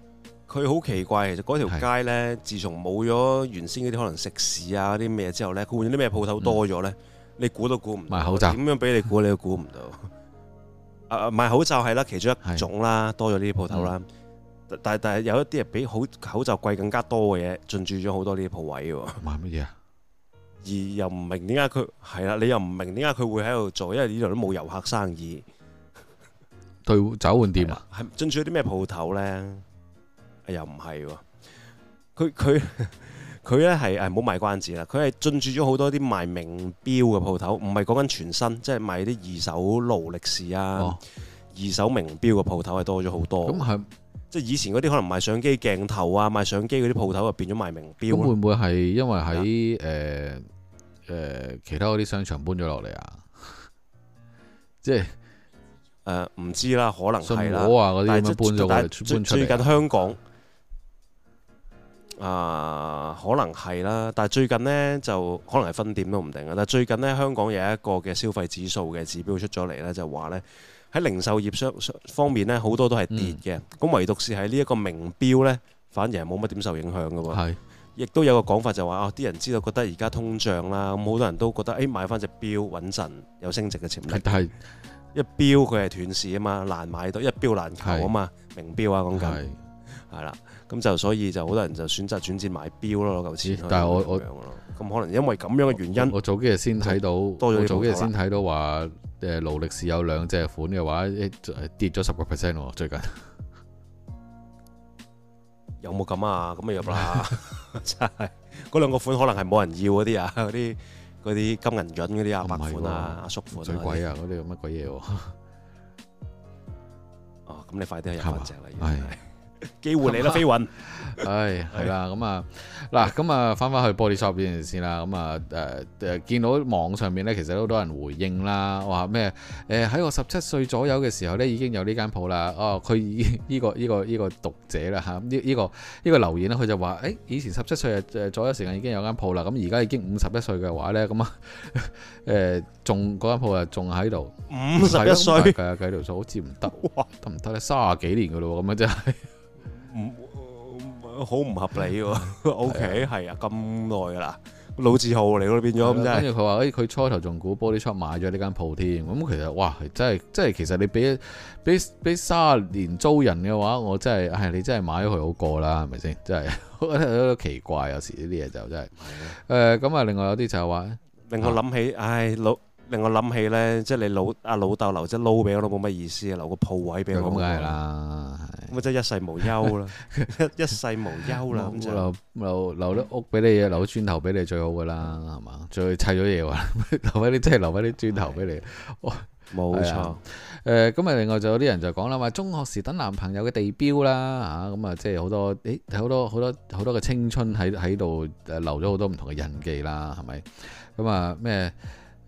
佢好奇怪，其實嗰條街咧，自從冇咗原先嗰啲可能食肆啊啲咩之後咧，佢換咗啲咩鋪頭多咗咧？你估都估唔到，點樣俾你估？你都估唔到。啊，賣口罩係啦，其中一種啦，多咗呢啲鋪頭啦。但係但係有一啲係比好口罩貴更加多嘅嘢，進駐咗好多呢啲鋪位喎。賣乜嘢啊？而又唔明點解佢係啦？你又唔明點解佢會喺度做？因為呢度都冇遊客生意。對，找換店啊？係進駐咗啲咩鋪頭咧？又唔係喎，佢佢佢咧係唔好賣關子啦，佢係進駐咗好多啲賣名表嘅鋪頭，唔係講緊全新，即係賣啲二手勞力士啊、哦、二手名表嘅鋪頭係多咗好多。咁係、哦嗯、即係以前嗰啲可能賣相機鏡頭啊、賣相機嗰啲鋪頭，就變咗賣名表。咁會唔會係因為喺誒誒其他嗰啲商場搬咗落嚟啊？ 即係誒唔知啦，可能係啦，我話嗰啲搬咗落嚟，搬出嚟。最近香港。啊，可能係啦，但係最近呢，就可能係分店都唔定啊。但係最近呢，香港有一個嘅消費指數嘅指標出咗嚟呢，就話呢，喺零售業商方面呢，好多都係跌嘅。咁、嗯、唯獨是喺呢一個名錶呢，反而係冇乜點受影響噶喎。亦都是有個講法就話、是、啊，啲、哦、人知道覺得而家通脹啦，咁好多人都覺得誒、哎、買翻隻表穩陣，有升值嘅潛力。係，因為表佢係斷市啊嘛，難買到一表難求啊嘛，是名錶啊講緊。係啦，咁就所以就好多人就選擇轉戰買表咯，攞嚿但咁我，我，我，咁可能因為咁樣嘅原因，我早幾日先睇到，多咗我早幾日先睇到話，誒，勞力士有兩隻款嘅話，跌咗十個 percent 喎，最近 有冇咁啊？咁啊入啦，真係嗰兩個款可能係冇人要嗰啲啊，嗰啲嗰啲金銀潤嗰啲啊，白款啊，阿叔款最貴啊，嗰啲乜鬼嘢、啊？哦、啊，咁你快啲入翻隻啦，係。機會嚟啦，飛雲！唉，係啦，咁、嗯、啊，嗱，咁、嗯、啊，返返去 Body Shop 先啦，咁啊，誒誒，見到網上面咧，其實都好多人回應啦，話咩？誒、欸、喺我十七歲左右嘅時候咧，已經有呢間鋪啦。哦，佢呢、這個呢、這個呢、這個讀者啦嚇，呢、啊、呢、這個呢、這個留言咧，佢就話：誒、欸，以前十七歲誒左右時間已經有間鋪啦。咁而家已經五十一歲嘅話咧，咁啊誒，仲、欸、嗰間鋪啊，仲喺度五十一歲計下計度數，好似唔得，哇，得唔得咧？卅幾年噶咯，咁樣真係～好唔合理喎 的，OK 係啊，咁耐噶啦，老字號嚟咯，變咗，跟住佢話，所以佢、 哎、初頭仲估 Body Shop 買咗呢間鋪添，咁其實哇，真係真係，其實你俾俾俾卅年租人嘅話，我真係，唉、哎，你真係買咗佢好過啦，係咪先？真係，我覺得奇怪，有時呢啲嘢就真係。誒，咁 啊、嗯，另外有啲就係話，令我諗起，唉、哎，老。令我諗起咧，即係你老阿老竇留隻撈俾我都冇乜意思，留個鋪位俾我咁梗係啦，咁啊即係一世無憂啦，一一世無憂啦咁就留留留啲屋俾你，留咗磚頭俾你最好噶啦，係嘛？最砌咗嘢話留翻啲，真係留翻啲磚頭俾你。冇錯。誒，咁啊，另外就有啲人就講啦，話中學時等男朋友嘅地標啦嚇，咁啊，即係好多誒好多好多好多嘅青春喺喺度留咗好多唔同嘅印記啦，係咪？咁啊咩？誒，係啦，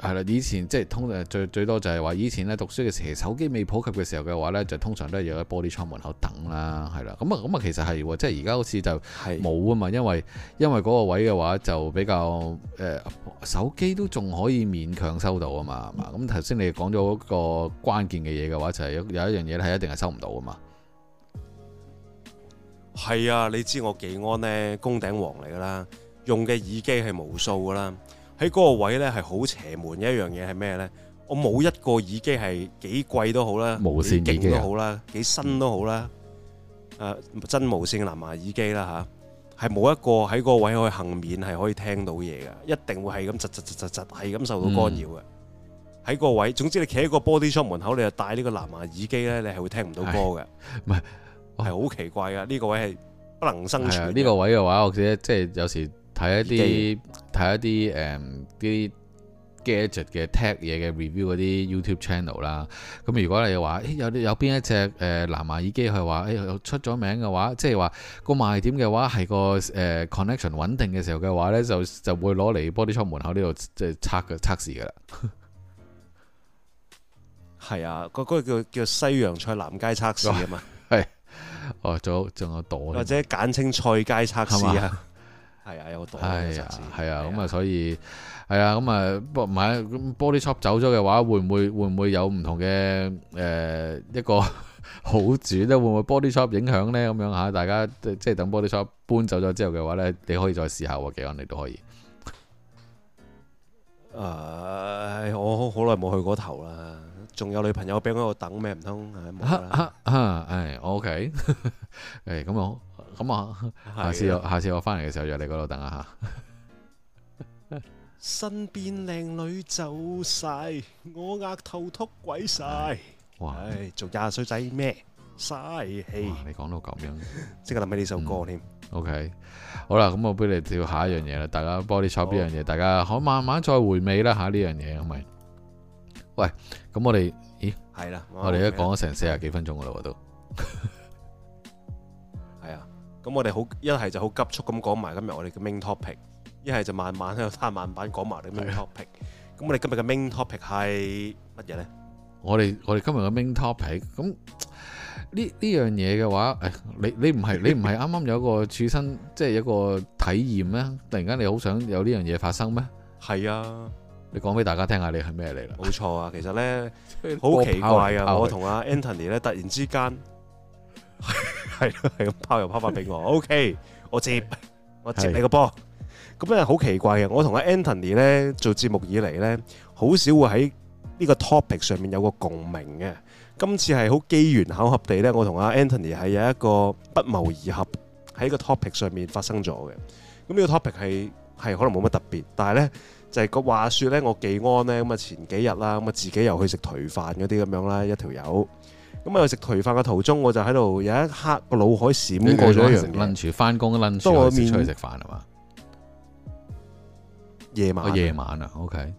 呃，的以前即係通常最最多就係話以前咧讀書嘅時候，手機未普及嘅時候嘅話咧，就通常都係要喺玻璃窗門口等啦，係啦，咁啊，咁啊，其實係即係而家好似就冇啊嘛，因為因為嗰個位嘅話就比較誒，呃，手機都仲可以勉強收到啊嘛，係嘛，咁頭先你講咗嗰個關鍵嘅嘢嘅話就係有一樣嘢係一定係收唔到啊嘛，係啊，你知我技安呢，宮頂王嚟噶啦，用嘅耳機係無數噶啦。喺嗰個位咧係好邪門嘅一樣嘢係咩咧？我冇一個耳機係幾貴都好啦，無線耳機都好啦，幾新都好啦。誒，真無線藍牙耳機啦嚇，係冇一個喺嗰個位可以幸免係可以聽到嘢嘅，一定會係咁窒窒窒窒窒係咁受到干擾嘅。喺嗰個位，總之你企喺個 body shop 門口，你就戴呢個藍牙耳機咧，你係會聽唔到歌嘅。唔係我係好奇怪嘅，呢個位係不能生存。呢個位嘅話，或者即係有時。睇一啲睇一啲誒啲 gadget 嘅 tech 嘢嘅 review 嗰啲 YouTube channel 啦，咁如果你話誒、欸、有啲有邊一隻誒、呃、藍牙耳機佢話誒出咗名嘅話，即係話個賣點嘅話係個誒、呃、connection 穩定嘅時候嘅話咧，就就會攞嚟 Body Shop 門口呢度即係測嘅測試嘅啦。係 啊，嗰、那、嗰個叫叫西洋菜南街測試啊嘛。係哦，仲、哦、有仲有躲，或者簡稱菜街測試啊。係啊，有個袋，係啊，係啊，咁啊，所以係啊，咁啊，不唔係咁，Body Shop 走咗嘅話，會唔會會唔會有唔同嘅誒、呃、一個好轉咧？ 會唔會 Body Shop 影響咧？咁樣吓，大家即係、就是、等 Body Shop 搬走咗之後嘅話咧，你可以再試下嘅，幾個人你都可以。誒、呃，我好耐冇去過頭啦，仲有女朋友喺度等咩？唔通吓吓吓？誒、 嗯、，OK，誒、 哎，咁我。咁啊！下次我下次我翻嚟嘅時候約你嗰度等下 身邊靚女走晒，我額頭禿鬼晒。哇嘩！唉、哎，做廿歲仔咩？嘥氣！你講到咁樣，即 刻諗起呢首歌添、嗯。OK，好啦，咁我俾你跳下一樣嘢啦。大家 Body Shop 呢樣嘢，大家可慢慢再回味啦下呢樣嘢好咪？喂，咁我哋咦係啦，的我哋而家講咗成四十幾分鐘噶啦都。嗯 咁我哋好一係就好急速咁講埋今日我哋嘅 main topic，一係就慢慢喺度慢慢板講埋我哋 main topic。咁、啊、我哋今日嘅 main topic 係乜嘢咧？我哋我哋今日嘅 main topic，咁呢呢樣嘢嘅話，誒你你唔係你唔係啱啱有一個處身， 即係一個體驗咩？突然間你好想有呢樣嘢發生咩？係啊！你講俾大家聽下你，你係咩嚟啦？冇錯啊！其實咧，好 奇怪啊！我同阿 Anthony 咧，突然之間。係咯，係咁拋又拋翻俾我 ，OK，我接，的我接你個波。咁咧好奇怪嘅，我同阿 Anthony 咧做節目以嚟咧，好少會喺呢個 topic 上面有個共鳴嘅。今次係好機緣巧合地咧，我同阿 Anthony 係有一個不謀而合喺個 topic 上面發生咗嘅。咁呢個 topic 係係可能冇乜特別，但係咧就係、是、個話說咧，我記安咧咁啊，前幾日啦，咁啊自己又去食頹飯嗰啲咁樣啦，一條友。咁啊！食頹飯嘅途中，我就喺度有一刻個腦海閃過咗一樣，攇住翻工攇食飯係嘛？夜晚夜晚啊，OK，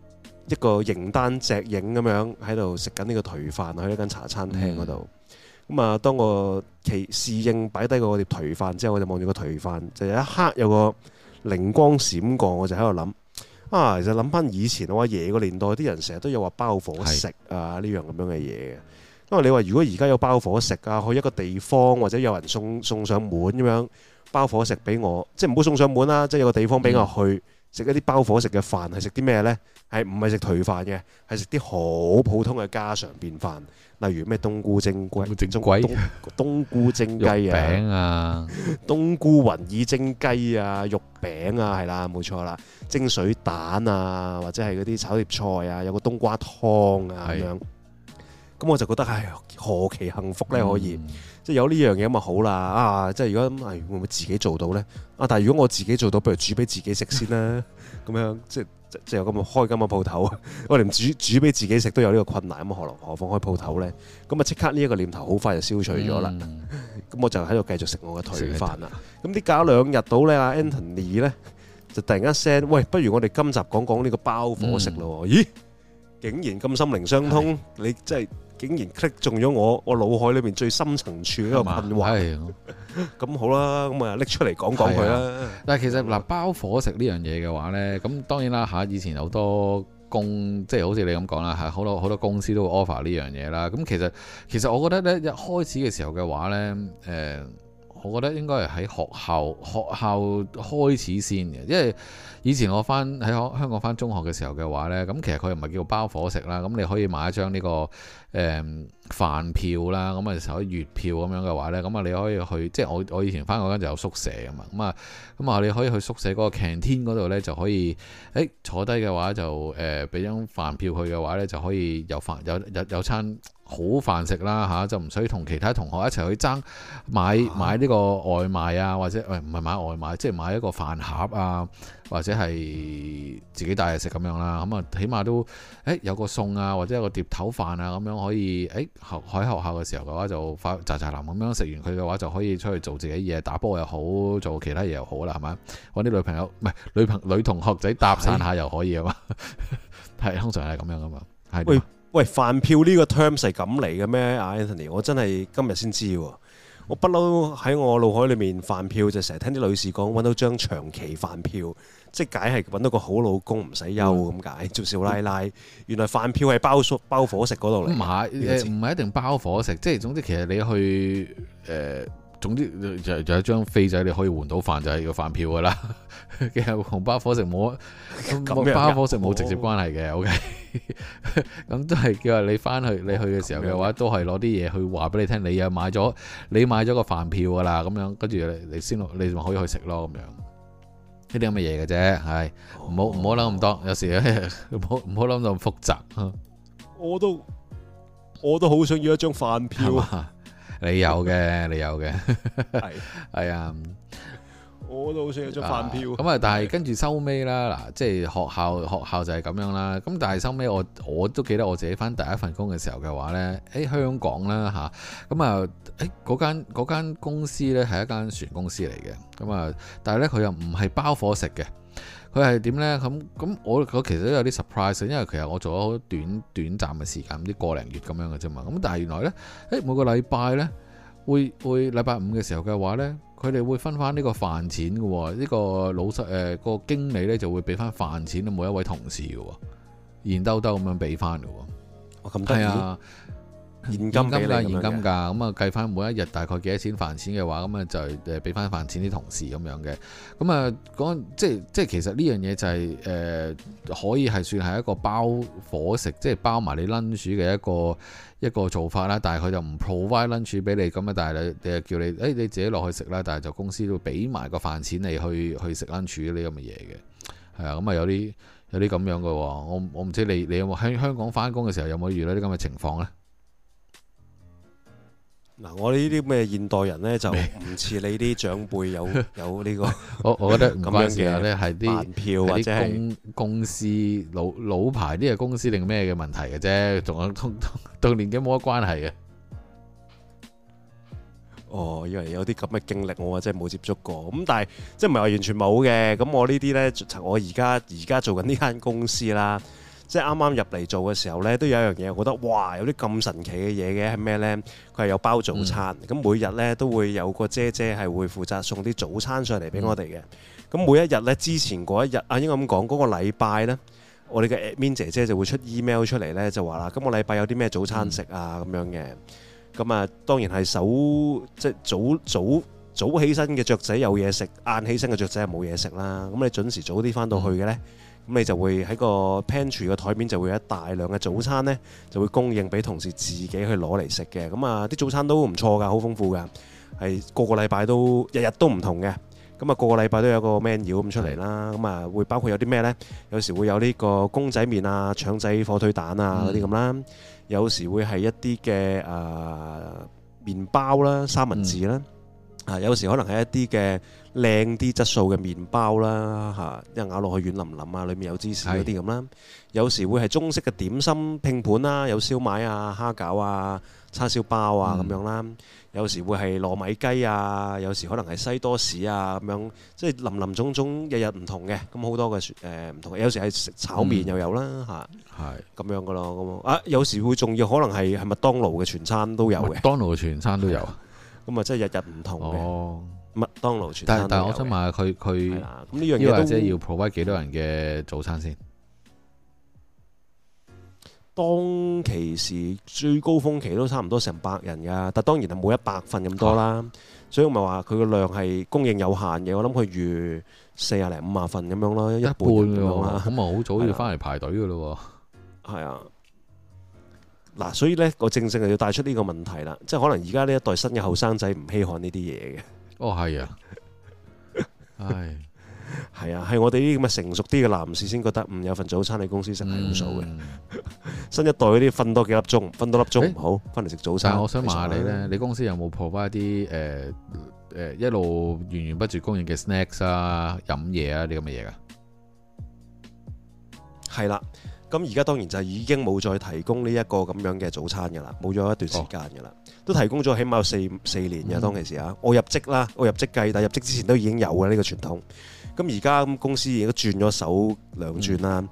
一個形單隻影咁樣喺度食緊呢個頹飯啊，喺一間茶餐廳嗰度。咁啊、嗯，當個其侍應擺低個碟頹飯之後，我就望住個頹飯，就有一刻有個靈光閃過，我就喺度諗啊！就諗翻以前我阿爺個年代，啲人成日都有話包伙食是啊呢樣咁樣嘅嘢嘅。因為你話，如果而家有包伙食啊，去一個地方或者有人送送上門咁樣包伙食俾我，即係唔好送上門啦，即係有個地方俾我去，食一啲包伙食嘅飯，係食啲咩呢？係唔係食頹飯嘅？係食啲好普通嘅家常便飯，例如咩冬菇蒸雞、蒸冬，冬，冬菇蒸雞啊、肉餅啊、冬菇雲耳蒸雞啊、肉餅啊，係啦，冇錯啦，蒸水蛋啊，或者係嗰啲炒碟菜啊，有個冬瓜湯啊咁樣。咁我就覺得係、哎、何其幸福咧，可以、嗯、即係有呢樣嘢咁咪好啦啊！即係如果係、啊、會唔會自己做到咧啊？但係如果我自己做到，不如煮俾自己食先啦。咁 樣即係即係有咁開咁嘅鋪頭， 我連煮煮俾自己食都有呢個困難，咁何來何況開鋪頭咧？咁啊即刻呢一個念頭好快就消除咗啦。咁、嗯、 我就喺度繼續食我嘅豚飯啦。咁啲搞兩日到咧，Anthony 咧就突然間聲：喂，不如我哋今集講講呢個包伙食咯？咦？竟然咁心靈相通，的你真係竟然 click 中咗我我腦海裏面最深層處一個困惑咁， 好啦，咁啊拎出嚟講講佢啦。但係其實嗱，包火食呢樣嘢嘅話呢，咁當然啦嚇，以前好多公，即係好似你咁講啦嚇，好多好多公司都會 offer 呢樣嘢啦。咁其實其實我覺得咧，一開始嘅時候嘅話呢，誒、呃。我覺得應該係喺學校學校開始先嘅，因為以前我翻喺香港翻中學嘅時候嘅話呢，咁其實佢唔係叫包伙食啦，咁你可以買一張呢、這個誒飯、呃、票啦，咁啊就可以月票咁樣嘅話呢。咁啊你可以去，即係我我以前翻嗰間就有宿舍噶嘛，咁啊咁啊你可以去宿舍嗰個 canteen 嗰度呢，就可以，誒坐低嘅話就誒俾張飯票去嘅話呢，就可以有飯有有，有餐。好飯食啦嚇，就唔使同其他同學一齊去爭買買呢個外賣啊，或者誒唔係買外賣，即係買一個飯盒啊，或者係自己帶嘢食咁樣啦。咁、嗯、啊，起碼都誒、欸、有個餸啊，或者有個碟頭飯啊咁樣可以誒、欸，學喺學校嘅時候嘅話就快咋喳喳南咁樣食完佢嘅話，就可以出去做自己嘢，打波又好，做其他嘢又好啦，係、啊、咪？揾啲女朋友唔係、呃、女朋、呃、女同學仔搭訕下又可以啊嘛，係是 通常係咁樣噶嘛，係。喂，飯票呢個 term 係咁嚟嘅咩？Anthony，我真係今日先知喎。我不嬲喺我腦海裏面飯票就成日聽啲女士講揾到張長期飯票，即係解係揾到個好老公唔使憂咁解做少奶奶。嗯、原來飯票係包宿包伙食嗰度嚟，唔係、嗯、唔係一定包伙食。即係總之，其實你去誒。呃總之，就就一張飛仔，你可以換到飯就係要飯票噶啦。其實同包伙食冇包伙食冇直接關係嘅。我 OK，咁 都係叫話你翻去我 你去嘅時候嘅話，都係攞啲嘢去話俾你聽。你又買咗，你買咗個飯票噶啦。咁樣跟住你你先，你咪可以去食咯。咁樣呢啲咁嘅嘢嘅啫，係唔好唔好諗咁多。有時唔好唔好諗到咁複雜。我都我都好想要一張飯票。你有嘅，你有嘅，係啊的， 的我都好想要張飯票。咁啊，但係跟住收尾啦，嗱， 即係學校學校就係咁樣啦。咁但係收尾我我都記得我自己翻，第一份工嘅時候嘅話呢，誒香港啦吓，咁啊，誒，嗰間嗰間公司呢係一間船公司嚟嘅，咁啊，但係呢，佢又唔係包伙食嘅。佢係點呢？咁咁我我其實都有啲 surprise，因為其實我做咗好短短暫嘅時間，啲個零月咁樣嘅啫嘛。咁但係原來呢，誒、欸、每個禮拜呢，會會禮拜五嘅時候嘅話呢，佢哋會分翻呢個飯錢嘅喎、哦，呢、這個老實誒、呃那個經理呢，就會俾翻飯錢到每一位同事嘅喎、哦，現兜兜咁樣俾翻嘅喎，係啊。現金㗎，現金㗎咁啊！咁樣咁樣計翻每一日大概幾多錢飯錢嘅話，咁啊就誒俾翻飯錢啲同事咁樣嘅。咁啊，講即係即係其實呢樣嘢就係、是、誒、呃、可以係算係一個包伙食，即係包埋你 lunch 嘅一個一個做法啦。但係佢就唔 provide lunch 俾你咁啊，但係你誒叫你誒、哎、你自己落去食啦。但係就公司都會俾埋個飯錢你去去食 lunch 呢啲咁嘅嘢嘅係啊。咁、這、啊、個、有啲有啲咁樣嘅我我唔知你你有冇喺香港翻工嘅時候有冇遇到啲咁嘅情況咧？嗱，我呢啲咩現代人咧，就唔似你啲長輩有有呢個。我我覺得咁樣其實咧係啲辦票或者係公司老老牌啲嘅公司定咩嘅問題嘅啫，仲有同同同年紀冇乜關係嘅。哦，以為有啲咁嘅經歷，我真係冇接觸過。咁但係即係唔係話完全冇嘅？咁我呢啲咧，我而家而家做緊呢間公司啦。即係啱啱入嚟做嘅時候咧，都有一樣嘢，我覺得哇，有啲咁神奇嘅嘢嘅係咩咧？佢係有包早餐，咁每日咧都會有個姐姐係會負責送啲早餐上嚟俾我哋嘅。咁每一日咧，之前嗰一日，應該咁講，嗰個禮拜咧，我哋嘅 admin 姐姐就會出 email 出嚟咧，就話啦，今個禮拜有啲咩早餐食啊咁樣嘅。咁啊，當然係早，即係早早早起身嘅雀仔有嘢食，晏起身嘅雀仔係冇嘢食啦。咁你準時早啲翻到去嘅咧。咁你就會喺個 pantry 個台面就會有一大量嘅早餐呢，就會供應俾同事自己去攞嚟食嘅。咁啊，啲早餐都唔錯㗎，好豐富㗎，係個個禮拜都日日都唔同嘅。咁啊，個個禮拜都有個 menu 咁出嚟啦。咁啊、嗯，會包括有啲咩呢？有時會有呢個公仔麵啊、腸仔火腿蛋啊嗰啲咁啦。有時會係一啲嘅誒麵包啦、啊、三文治啦、啊。嗯啊，有時可能係一啲嘅靚啲質素嘅麵包啦，嚇，一咬落去軟腍腍啊，裡面有芝士嗰啲咁啦。是有時會係中式嘅點心拼盤啦，有燒賣啊、蝦餃啊、叉燒包啊咁樣啦。嗯、有時會係糯米雞啊，有時可能係西多士啊咁樣，即係林林總總，日日唔同嘅，咁好多嘅誒唔同。嘅、呃，有時係食炒麵又有啦，嚇、嗯，係咁樣噶咯，咁啊有時會仲要可能係係麥當勞嘅全餐都有嘅，麥當勞嘅全餐都有。是咁啊，即係日日唔同嘅。麥、哦、當勞全。但但我想問下佢佢咁呢樣嘢都即係要 provide 幾多人嘅早餐先？當其時最高峰期都差唔多成百人噶，但當然係冇一百份咁多啦。的所以我咪話佢個量係供應有限嘅。我諗佢預四十零五十份咁樣咯，一半㗎咁啊，好樣早要翻嚟排隊㗎咯。係啊。嗱，所以咧，我正正係要帶出呢個問題啦，即係可能而家呢一代新嘅後生仔唔稀罕呢啲嘢嘅。哦，係啊，係、哎、係啊，係我哋呢啲咁嘅成熟啲嘅男士先覺得，唔，有份早餐你公司食係好數嘅。新一代嗰啲瞓多幾粒鐘，瞓多粒鐘唔好，翻嚟食早餐。我想問下你咧，你公司有冇破 r o 啲誒誒一路源源不絕供應嘅 snacks 啊、飲嘢啊呢咁嘅嘢噶？係啦、啊。咁而家當然就係已經冇再提供呢一個咁樣嘅早餐㗎啦，冇咗一段時間㗎啦，哦、都提供咗起碼有四四年嘅當其時啊！嗯、我入職啦，我入職計，但係入職之前都已經有㗎呢、呢個傳統。咁而家公司已經轉咗手兩轉啦。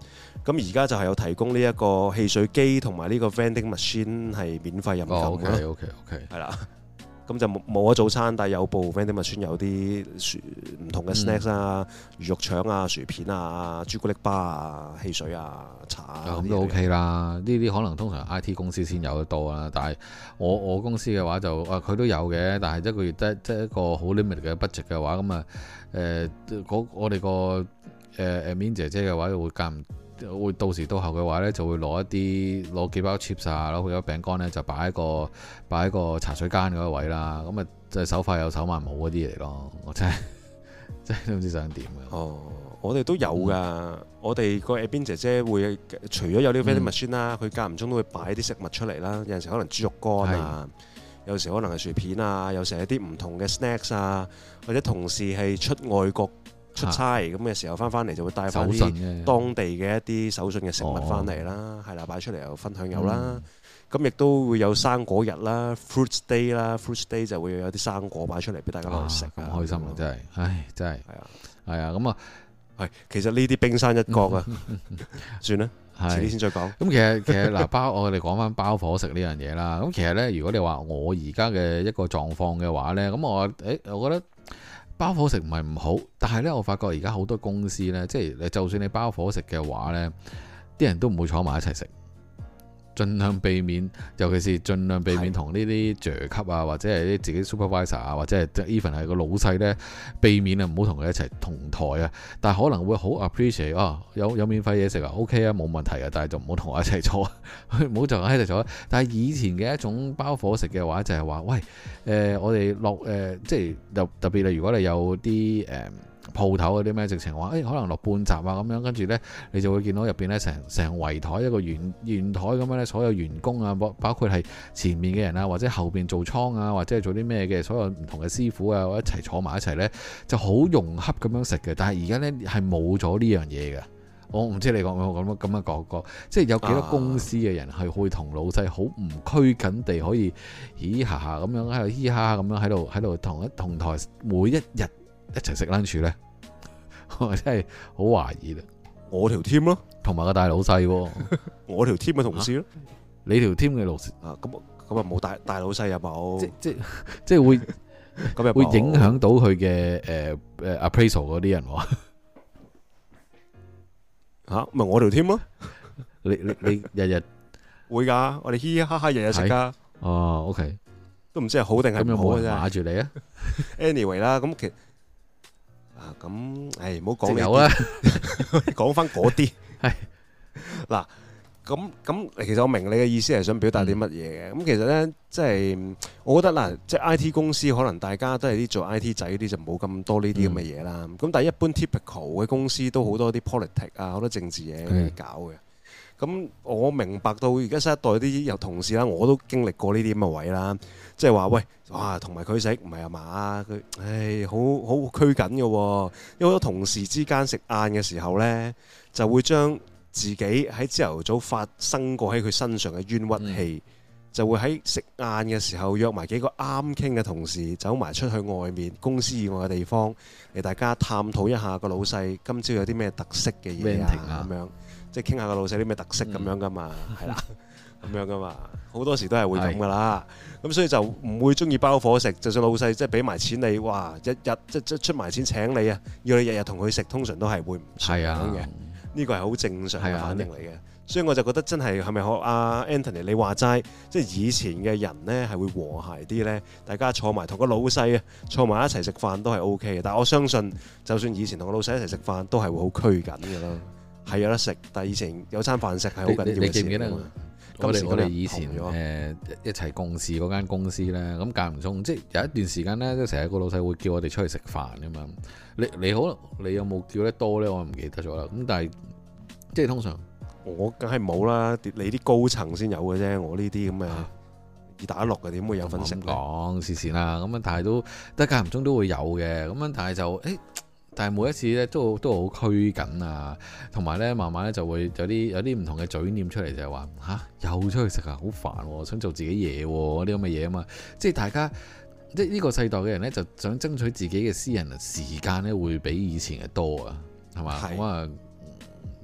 咁而家就係有提供呢一個汽水機同埋呢個 vending machine 係免費飲酒嘅。OK OK o、okay. 係啦。咁就冇冇咗早餐，但係有部 Vending Machine 啊，有啲唔同嘅 snacks 啊，嗯、魚肉腸啊、薯片啊、朱古力巴啊、汽水啊、茶啊，咁都 OK 啦。呢啲可能通常 IT 公司先有得到啊，但係我我公司嘅話就啊佢都有嘅，但係一個月得即係一個好 limit 嘅 budget 嘅話，咁啊誒，我哋個誒誒 Min 姐姐嘅話會減。會到時到候嘅話咧，就會攞一啲攞幾包 chips 攞幾包餅乾咧，就擺喺個擺喺個茶水間嗰個位啦。咁啊，即係手快有手慢冇嗰啲嚟咯。我真係真係都唔知想點。哦，我哋都有噶。嗯、我哋個 Abin 姐姐會除咗有呢啲飛啲蜜酸啦，佢間唔中都會擺啲食物出嚟啦。有陣時可能豬肉乾啊，有時可能係是薯片啊，有時有啲唔同嘅 snacks 啊，或者同事係出外國。出差咁嘅時候翻翻嚟就會帶翻啲當地嘅一啲手信嘅食物翻嚟啦，係啦，擺出嚟又分享有啦，咁亦都會有生果日啦，Fruit Day 啦，Fruit Day 就會有啲生果擺出嚟俾大家食啊！咁開心啊，真係，唉，真係，係啊，係啊，咁啊，係，其實呢啲冰山一角啊，算啦，遲啲先再講。咁其實其實嗱包我哋講翻包伙食呢樣嘢啦。咁其實咧，如果你話我而家嘅一個狀況嘅話咧，咁我誒，我覺得。包伙食唔係唔好，但係咧，我發覺而家好多公司咧，即係你就算你包伙食嘅話咧，啲人都唔會坐埋一齊食。盡量避免，尤其是盡量避免同呢啲 j e 級啊，或者係啲自己 supervisor 啊，或者係 even 係個老細呢，避免啊，唔好同佢一齊同台啊。但係可能會好 appreciate 啊，有有免費嘢食啊，OK 啊，冇問題啊。但係就唔好同我一齊坐，啊，唔好就喺度坐。但係以前嘅一種包伙食嘅話，就係、是、話喂誒、呃，我哋落誒，即係特特別，如果你有啲誒。呃鋪頭嗰啲咩，直情話誒，可能落半集啊咁樣，跟住呢，你就會見到入邊呢，成成圍台一個圓圓台咁樣咧，所有員工啊，包括係前面嘅人啊，或者後邊做倉啊，或者係做啲咩嘅，所有唔同嘅師傅啊，一齊坐埋一齊呢，就好融洽咁樣食嘅。但係而家呢，係冇咗呢樣嘢嘅。我唔知你講唔講咁啊咁啊講過，即係有幾多公司嘅人係會同老細好唔拘謹地可以嘻嘻哈哈咁樣喺度嘻嘻哈哈咁樣喺度喺度同一同台每一日。一齊食 lunch 咧，我真係好懷疑啦。我條 team 咯，同埋個大老細，我條 team 嘅同事咯，你條 team 嘅老，啊咁咁又冇大大老細有冇？即即即會咁又會影響到佢嘅誒誒 appraisal 嗰啲人喎。吓，咪我條 team 咯？你你你日日會噶，我哋嘻嘻哈哈日日食噶。哦，OK，都唔知係好定係唔好嘅啫。掛住你啊，anyway 啦，咁其。咁，唉、啊，唔好講有、啊、 是啦，講翻嗰啲係嗱咁咁。其實我明你嘅意思係想表達啲乜嘢嘅。咁、嗯、其實咧，即、就、係、是、我覺得嗱，即係、就是、I T 公司可能大家都係啲做 I T 仔啲，就冇咁多呢啲咁嘅嘢啦。咁、嗯、但係一般 typical 嘅公司都好多啲 politics 啊，好多政治嘢搞嘅。嗯嗯咁、嗯、我明白到而家新一代啲有同事啦，我都經歷過呢啲咁嘅位啦，即係話：「喂，哇，同埋佢食唔係啊嘛，佢唉好好拘謹嘅，因為好多同事之間食晏嘅時候呢，就會將自己喺朝頭早發生過喺佢身上嘅冤屈氣，嗯、就會喺食晏嘅時候約埋幾個啱傾嘅同事，走埋出去外面公司以外嘅地方嚟，大家探討一下個老細今朝有啲咩特色嘅嘢啊，咁樣。即係傾下個老細啲咩特色咁、嗯、樣噶嘛，係啦，咁樣噶嘛，好多時都係會咁噶啦。咁的所以就唔會中意包伙食，的就算老細即係俾埋錢你，哇！日日即即出埋錢請你啊，要你日日同佢食，通常都係會唔想嘅。呢的個係好正常嘅反應嚟嘅。的所以我就覺得真係係咪學阿 Anthony 你話齋，即係以前嘅人呢係會和諧啲呢，大家坐埋同個老細啊坐埋一齊食飯都係 OK 嘅。但我相信，就算以前同個老細一齊食飯，都係會好拘謹嘅囉。 係有得食，但係以前有餐飯食係好緊要嘅事。你，你，你記唔記得、嗯、今今我哋我哋以前誒了一齊共事嗰間公司咧，咁間唔中即係有一段時間咧，都成日個老細會叫我哋出去食飯㗎嘛。你你好，你有冇叫得多咧？我唔記得咗啦。咁但係即係通常我梗係冇啦，你啲高層先有嘅啫。我呢啲咁嘅二打六嘅點會有份食？唔講事線啦，咁啊，但係都即係間唔中都會有嘅。咁樣但係就誒。欸但係每一次咧都都好拘謹啊，同埋咧慢慢咧就會有啲有啲唔同嘅嘴念出嚟，就係話嚇又出去食啊，好煩，想做自己嘢嗰啲咁嘅嘢啊嘛！即係大家即係呢個世代嘅人咧，就想爭取自己嘅私人時間咧，會比以前嘅多啊，係嘛？咁啊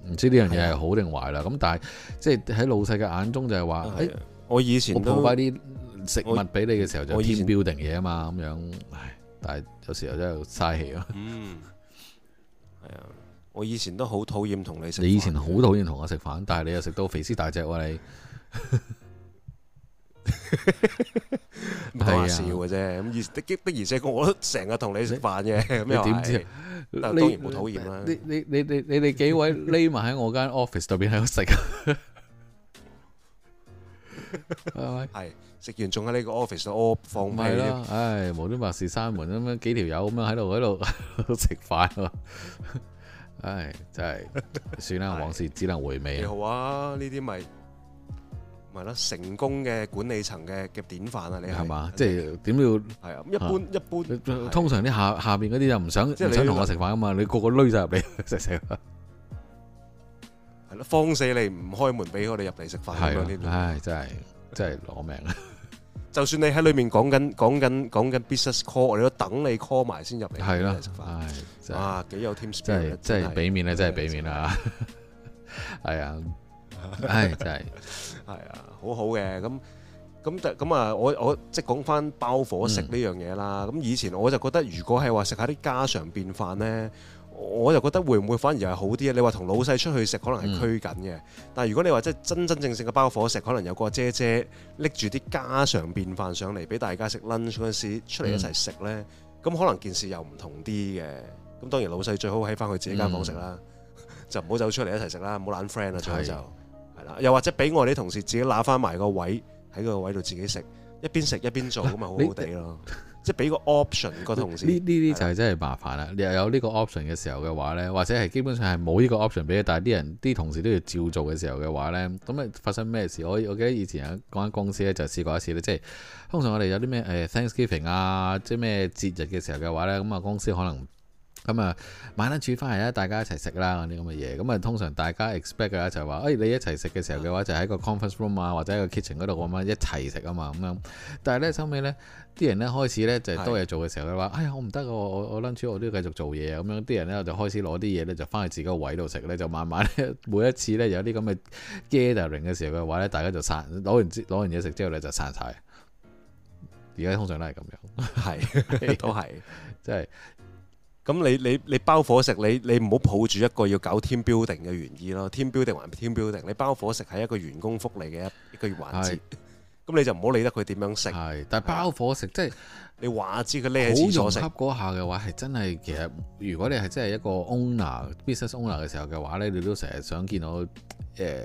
是，唔知呢樣嘢係好定壞啦。咁的但係即係喺老細嘅眼中就係話，我以前都鋪擺啲食物俾你嘅時候就 team building 嘢啊嘛，咁樣，但係有時候真係嘥氣咯。嗯我以前都好討厭同你食。你以前好討厭同我食飯，但係你又食到肥屍大隻喎你。唔係講笑嘅啫，咁而的的而且確，我都成日同你食飯嘅。咁又點知？但當然好討厭啦。你你你你你哋幾位匿埋喺我間 office 度，邊喺度食啊？係。食完仲喺呢個 office 度屙放屁咯！唉，無端白事閂門咁樣，幾條友咁樣喺度喺度食飯，唉，真係算啦，往事只能回味啦。好啊，呢啲咪咪啦，成功嘅管理層嘅嘅典範啊！你係嘛？即係點都要？係啊，一般一般。通常啲下下邊嗰啲又唔想即係唔想同我食飯噶嘛？你個個攞晒入嚟食食。係咯，放死你唔開門俾我哋入嚟食飯。係咯，唉，真係。真係攞命啊！就算你喺裏面講緊講緊講緊 business call，我哋都等你 call 埋先入嚟。係咯，食飯。哇，幾有 team spirit！真係真係俾面咧，真係俾面啦。係啊，唉，真係。係啊，好好嘅。咁咁咁啊！我我即講翻包伙食呢樣嘢啦。咁以前我就覺得，如果係話食下啲家常便飯咧。我就覺得會唔會反而係好啲啊？你話同老細出去食可能係拘謹嘅，嗯、但係如果你話即係真真正正嘅包伙食，可能有個姐姐拎住啲家常便飯上嚟俾大家食 lunch 嗰陣時出嚟一齊食呢，咁、嗯、可能件事又唔同啲嘅。咁當然老細最好喺翻佢自己間房食啦，嗯、 就唔好走出嚟一齊食啦，唔好懶 friend 啊，就係就，又或者俾我哋啲同事自己攞翻埋個位喺個位度自己食，一邊食一邊做咁咪好好地咯。即係俾個 option 個同事，呢呢啲就係真係麻煩啦。你又的有呢個 option 嘅時候嘅話呢，或者係基本上係冇呢個 option 俾，但係啲人啲同事都要照做嘅時候嘅話呢，咁啊，發生咩事？我我記得以前有間公司呢，就試過一次呢，即係通常我哋有啲咩誒 Thanksgiving 啊，即係咩節日嘅時候嘅話呢，咁啊公司可能。咁啊，買 lunch 翻嚟咧，大家一齊食啦，啲咁嘅嘢。咁啊，通常大家 expect 嘅咧就係話，誒、哎、你一齊食嘅時候嘅話，就喺個 conference room 啊，或者喺個 kitchen 嗰度咁樣一齊食啊嘛，咁樣。但係咧，收尾咧，啲人咧開始咧就係、多嘢做嘅時候佢話，哎呀，我唔得我我煮我 lunch 我都要繼續做嘢啊，咁樣。啲人咧就開始攞啲嘢咧就翻去自己個位度食咧，就慢慢咧每一次咧有啲咁嘅 gathering 嘅時候嘅話咧，大家就散攞完攞完嘢食之後咧就散晒。而家通常都係咁樣，係 都係即係。即係咁你你你包伙食，你你唔好抱住一個要搞 team building 嘅原意咯、mm hmm.，team building 還 team building，你包伙食係一個員工福利嘅一個環節，咁 你就唔好理得佢點樣 食。但係包伙食即係你話知佢匿喺廁所食下嘅話，係真係其實，如果你係真係一個 owner、business owner 嘅時候嘅話咧，你都成日想見到誒、呃、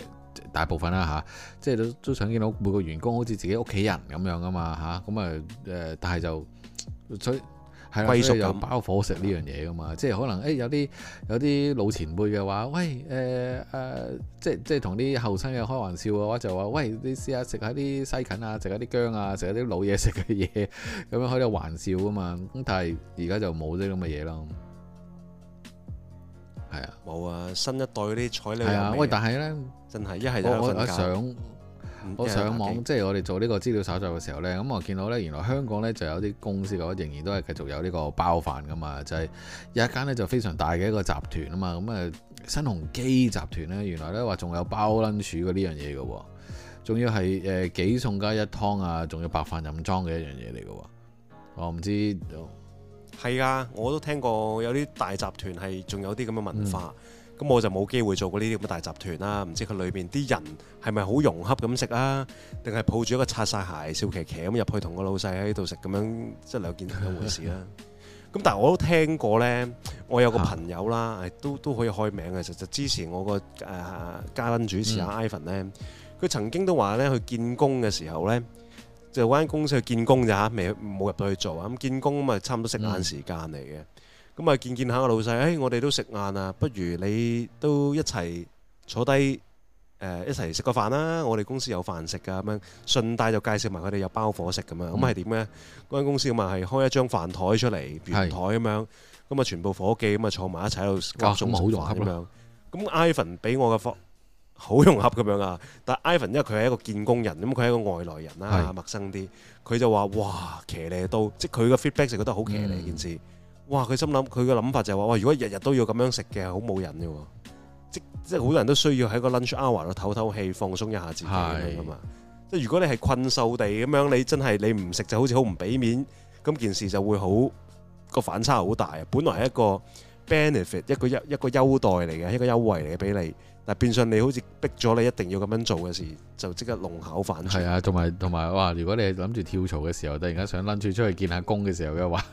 大部分啦吓，即係都都想見到每個員工好似自己屋企人咁樣啊嘛吓，咁啊誒，但係就係，所以又包伙食呢樣嘢噶嘛，嗯、即係可能誒、欸、有啲有啲老前輩嘅話，喂誒誒、呃呃，即係即係同啲後生嘅開玩笑嘅話，就話喂，你試下食下啲西芹啊，食下啲薑啊，食下啲老嘢食嘅嘢，咁樣開啲玩笑噶嘛，咁但係而家就冇呢咁嘅嘢咯，係啊，冇啊，新一代嗰啲菜咧，係啊，喂，但係咧，真係一係就我，我想。我上網即係、就是、我哋做呢個資料蒐集嘅時候呢，咁我見到呢，原來香港呢就有啲公司呢仍然都係繼續有呢個包飯噶嘛，就係、是、有一間呢，就非常大嘅一個集團啊嘛，咁啊新鴻基集團呢，原來呢話仲有包撚鼠嘅呢樣嘢嘅，仲要係誒幾餸加一湯啊，仲要白飯任裝嘅一樣嘢嚟嘅喎，我唔知係啊，我都聽過有啲大集團係仲有啲咁嘅文化。嗯咁我就冇機會做過呢啲咁嘅大集團啦，唔知佢裏邊啲人係咪好融洽咁食啊，定係抱住一個擦晒鞋笑騎騎咁入去同個老細喺度食咁樣，即、就、係、是、兩件兩回事啦。咁 但係我都聽過呢，我有個朋友啦，啊、都都可以開名嘅。其實之前我個誒嘉賓主持阿 Ivan 呢，佢、嗯啊啊、曾經都話呢，去見工嘅時候呢，就揾公司去見工咋嚇，未冇入到去做啊。咁見工咁啊，差唔多食晏時間嚟嘅。嗯咁啊，見見下個老細，誒，我哋都食晏啊，不如你都一齊坐低，誒，一齊食個飯啦。我哋公司有飯食㗎，咁樣順帶就介紹埋佢哋有包伙食咁樣。咁係點呢？嗰間公司咁啊，係開一張飯台出嚟，圓台咁樣，咁啊，全部夥記咁啊，坐埋一齊喺度夾餸食飯咁樣。咁 Ivan 俾我嘅方好融合咁樣啊。但 Ivan 因為佢係一個見工人，咁佢係一個外來人啦，陌生啲，佢就話：哇，騎呢到，即係佢嘅 feedback 就覺得好騎呢件事。哇！佢心諗，佢嘅諗法就係、是、話：哇！如果日日都要咁樣食嘅，好冇癮嘅。即即係好多人都需要喺個 lunch hour 度透透氣、放鬆一下自己嘅嘛是。即係如果你係困獸地咁樣，你真係你唔食就好似好唔俾面，咁件事就會好，個反差好大啊！本來係一個 benefit，一個一一個優待嚟嘅，一個優惠嚟嘅俾你。但係變相你好似逼咗你一定要咁樣做嘅時，就即刻弄巧反拙。係啊，同埋同埋，哇！如果你係諗住跳槽嘅時候，突然間想躝住出，出去見下工嘅時候嘅話，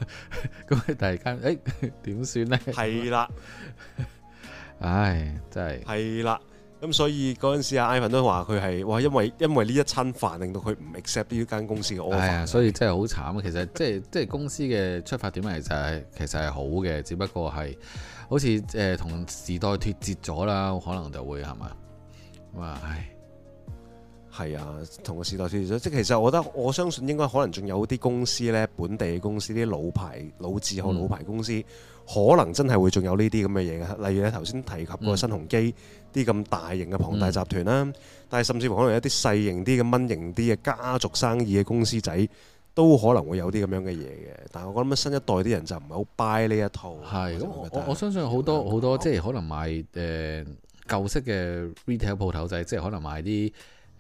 咁你突然間，誒、欸、點算咧？係啦的， 唉，真係。係啦。咁所以嗰陣時啊 Ivan 都話佢係哇，因為因為呢一餐飯令到佢唔 accept 呢間公司嘅 offer 所以真係好慘啊！其實即係即係公司嘅出發點嚟就係其實係好嘅，只不過係好似誒、呃、同時代脱節咗啦，可能就會係嘛咁啊？係啊，同個時代脱節咗。即係其實我覺得我相信應該可能仲有啲公司呢，本地嘅公司啲老牌老字號老牌公司，嗯、可能真係會仲有呢啲咁嘅嘢嘅。例如咧頭先提及個新鴻基。嗯啲咁大型嘅龐大集團啦，嗯、但係甚至乎可能一啲細型啲嘅蚊型啲嘅家族生意嘅公司仔，都可能會有啲咁樣嘅嘢嘅。但係我覺得新一代啲人就唔係好 buy 呢一套。係是，我我相信好多好多，即係可能賣誒、呃、舊式嘅 retail 鋪頭仔，即係可能賣啲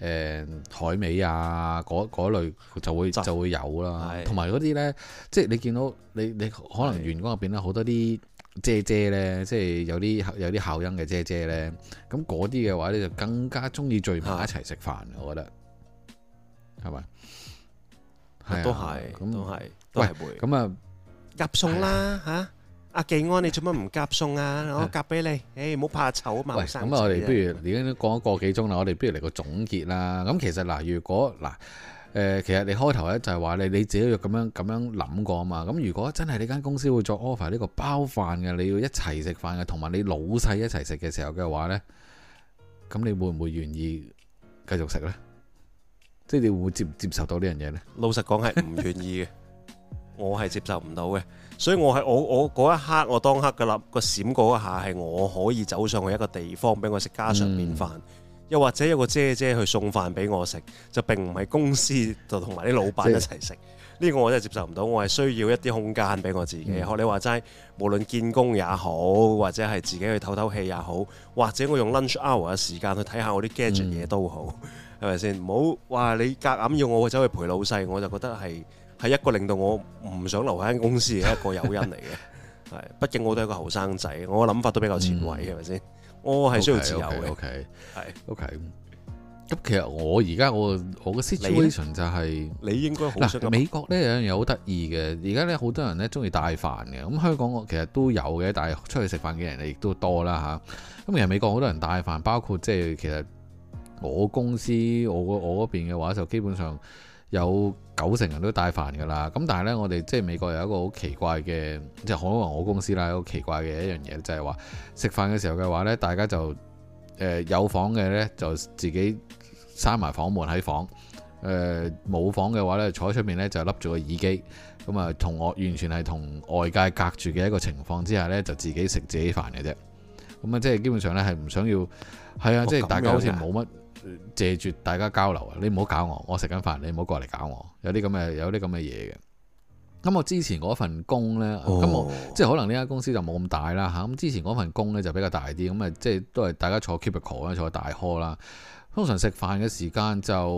誒海味啊，嗰嗰類就會就會有啦。同埋嗰啲呢，即係你見到你你，你可能員工入邊咧好多啲。姐姐咧，即係有啲有啲口音嘅姐姐咧，咁嗰啲嘅話咧就更加中意聚埋一齊食飯。我覺得係咪？係都係，都係都係會咁啊！夾餸啦吓，阿紀安，你做乜唔夾餸啊？我夾俾你，誒，唔好怕醜啊嘛。喂，咁我哋不如而家都講咗個幾鐘啦，我哋不如嚟個總結啦。咁其實嗱，如果嗱。誒，其實你開頭咧就係話你你自己要咁樣咁樣諗過啊嘛。咁如果真係你間公司會作 offer 呢個包飯嘅，你要一齊食飯嘅，同埋你老細一齊食嘅時候嘅話呢，咁你會唔會願意繼續食呢？即係你會唔會接唔接受到呢樣嘢呢？老實講係唔願意嘅， 我係接受唔到嘅。所以我係我我嗰一刻我當刻嘅諗，那個閃過一下係我可以走上去一個地方俾我食家常便飯。嗯又或者有個姐姐去送飯俾我食，就並唔係公司就同埋啲老闆一齊食。呢是個我真係接受唔到，我係需要一啲空間俾我自己。學、嗯、你話齋，無論見工也好，或者係自己去透透氣也好，或者我用 lunch hour 嘅時間去睇下我啲 gadget 嘢都好，係咪先？唔好話你夾硬要我走去陪老細，我就覺得係係一個令到我唔想留喺間公司嘅一個誘因嚟嘅。係， 畢竟我都係個後生仔，我嘅諗法都比較前衛，係咪先？是我係需要自由嘅。O K，係 O K。咁其實我而家我我嘅 situation 呢就係、是、你應該好。嗱，美國呢樣嘢好得意嘅。而家咧好多人咧中意帶飯嘅。咁香港其實都有嘅，但係出去食飯嘅人亦都多啦吓。咁其實美國好多人帶飯，包括即係其實我公司我我嗰邊嘅話就基本上有九成人都帶飯㗎啦，咁但係呢，我哋即係美國有一個好奇怪嘅，即係可能我公司啦，好奇怪嘅一樣嘢，就係話食飯嘅時候嘅話呢，大家就誒、呃、有房嘅呢，就自己閂埋房門喺房，誒、呃、冇房嘅話呢，坐喺出面呢，就笠住個耳機，咁啊同我完全係同外界隔住嘅一個情況之下呢，就自己食自己飯嘅啫，咁、嗯、啊即係基本上呢，係唔想要，係啊，即係大家好似冇乜。借住大家交流啊！你唔好搞我，我食緊飯，你唔好過嚟搞我。有啲咁嘅，有啲咁嘅嘢嘅。咁我之前嗰份工呢，咁、哦、我即係可能呢間公司就冇咁大啦吓。咁、嗯、之前嗰份工呢，就比較大啲，咁、嗯、啊即係都係大家坐 cubicle 啦，坐大 call 啦。通常食飯嘅時間就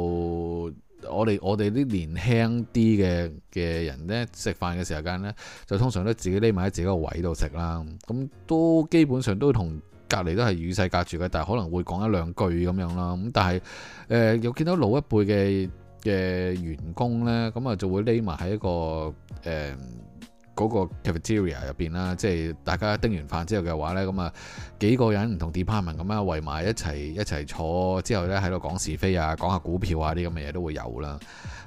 我哋我哋啲年輕啲嘅嘅人呢，食飯嘅時間呢，就通常都自己匿埋喺自己個位度食啦。咁、嗯、都基本上都同。隔離都係與世隔絕嘅，但係可能會講一兩句咁樣啦。咁但係誒、呃，又見到老一輩嘅嘅員工咧，咁啊就，就會匿埋喺一個誒嗰、呃那個 cafeteria 入邊啦。即係大家叮完飯之後嘅話咧，咁啊幾個人唔同 department 咁啊圍埋一齊一齊坐之後咧，喺度講是非啊，講下股票啊，啲咁嘅嘢都會有啦。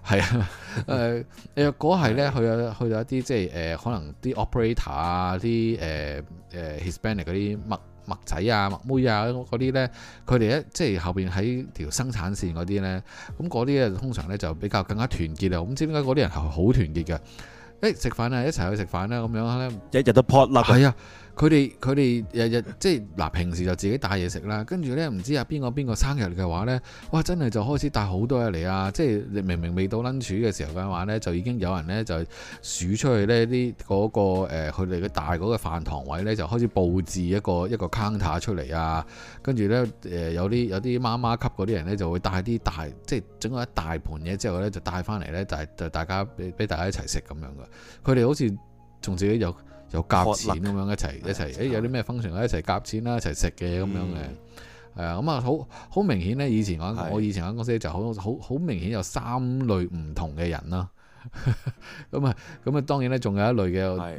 係啊誒若果係咧，去去到一啲即係誒、呃、可能啲 operator 啊啲誒誒 Hispanic 嗰啲乜。墨仔啊，墨妹啊，嗰啲呢，佢哋一即係後邊喺條生產線嗰啲呢。咁嗰啲咧通常呢就比較更加團結，團結、欸、啊！咁知唔知點解嗰啲人係好團結嘅？誒食飯啊，一齊去食飯啦，咁樣咧，一日都撲笠係啊！佢哋佢哋日日即係嗱、啊，平時就自己帶嘢食啦。跟住呢，唔知啊邊個邊個生日嘅話呢，哇！真係就開始帶好多嘢嚟啊！即係明明未到 lunch 嘅時候嘅話呢，就已經有人呢，就數出去呢啲嗰、誒佢哋嘅大嗰個飯堂位呢，就開始佈置一個一個 counter 出嚟啊！跟住呢，誒、呃，有啲有啲媽媽級嗰啲人呢，就會帶啲大即係整個一大盤嘢之後呢，就帶翻嚟呢，就就大家俾俾大家一齊食咁樣嘅。佢哋好似仲自己有。就夾錢咁樣一齊一齊，誒有啲咩 function 一齊夾錢啦，一齊食嘅咁樣嘅。係啊咁啊，好好明顯咧。以前我以前間公司就好好好明顯有三類唔同嘅人啦。咁啊咁啊，當然咧仲有一類嘅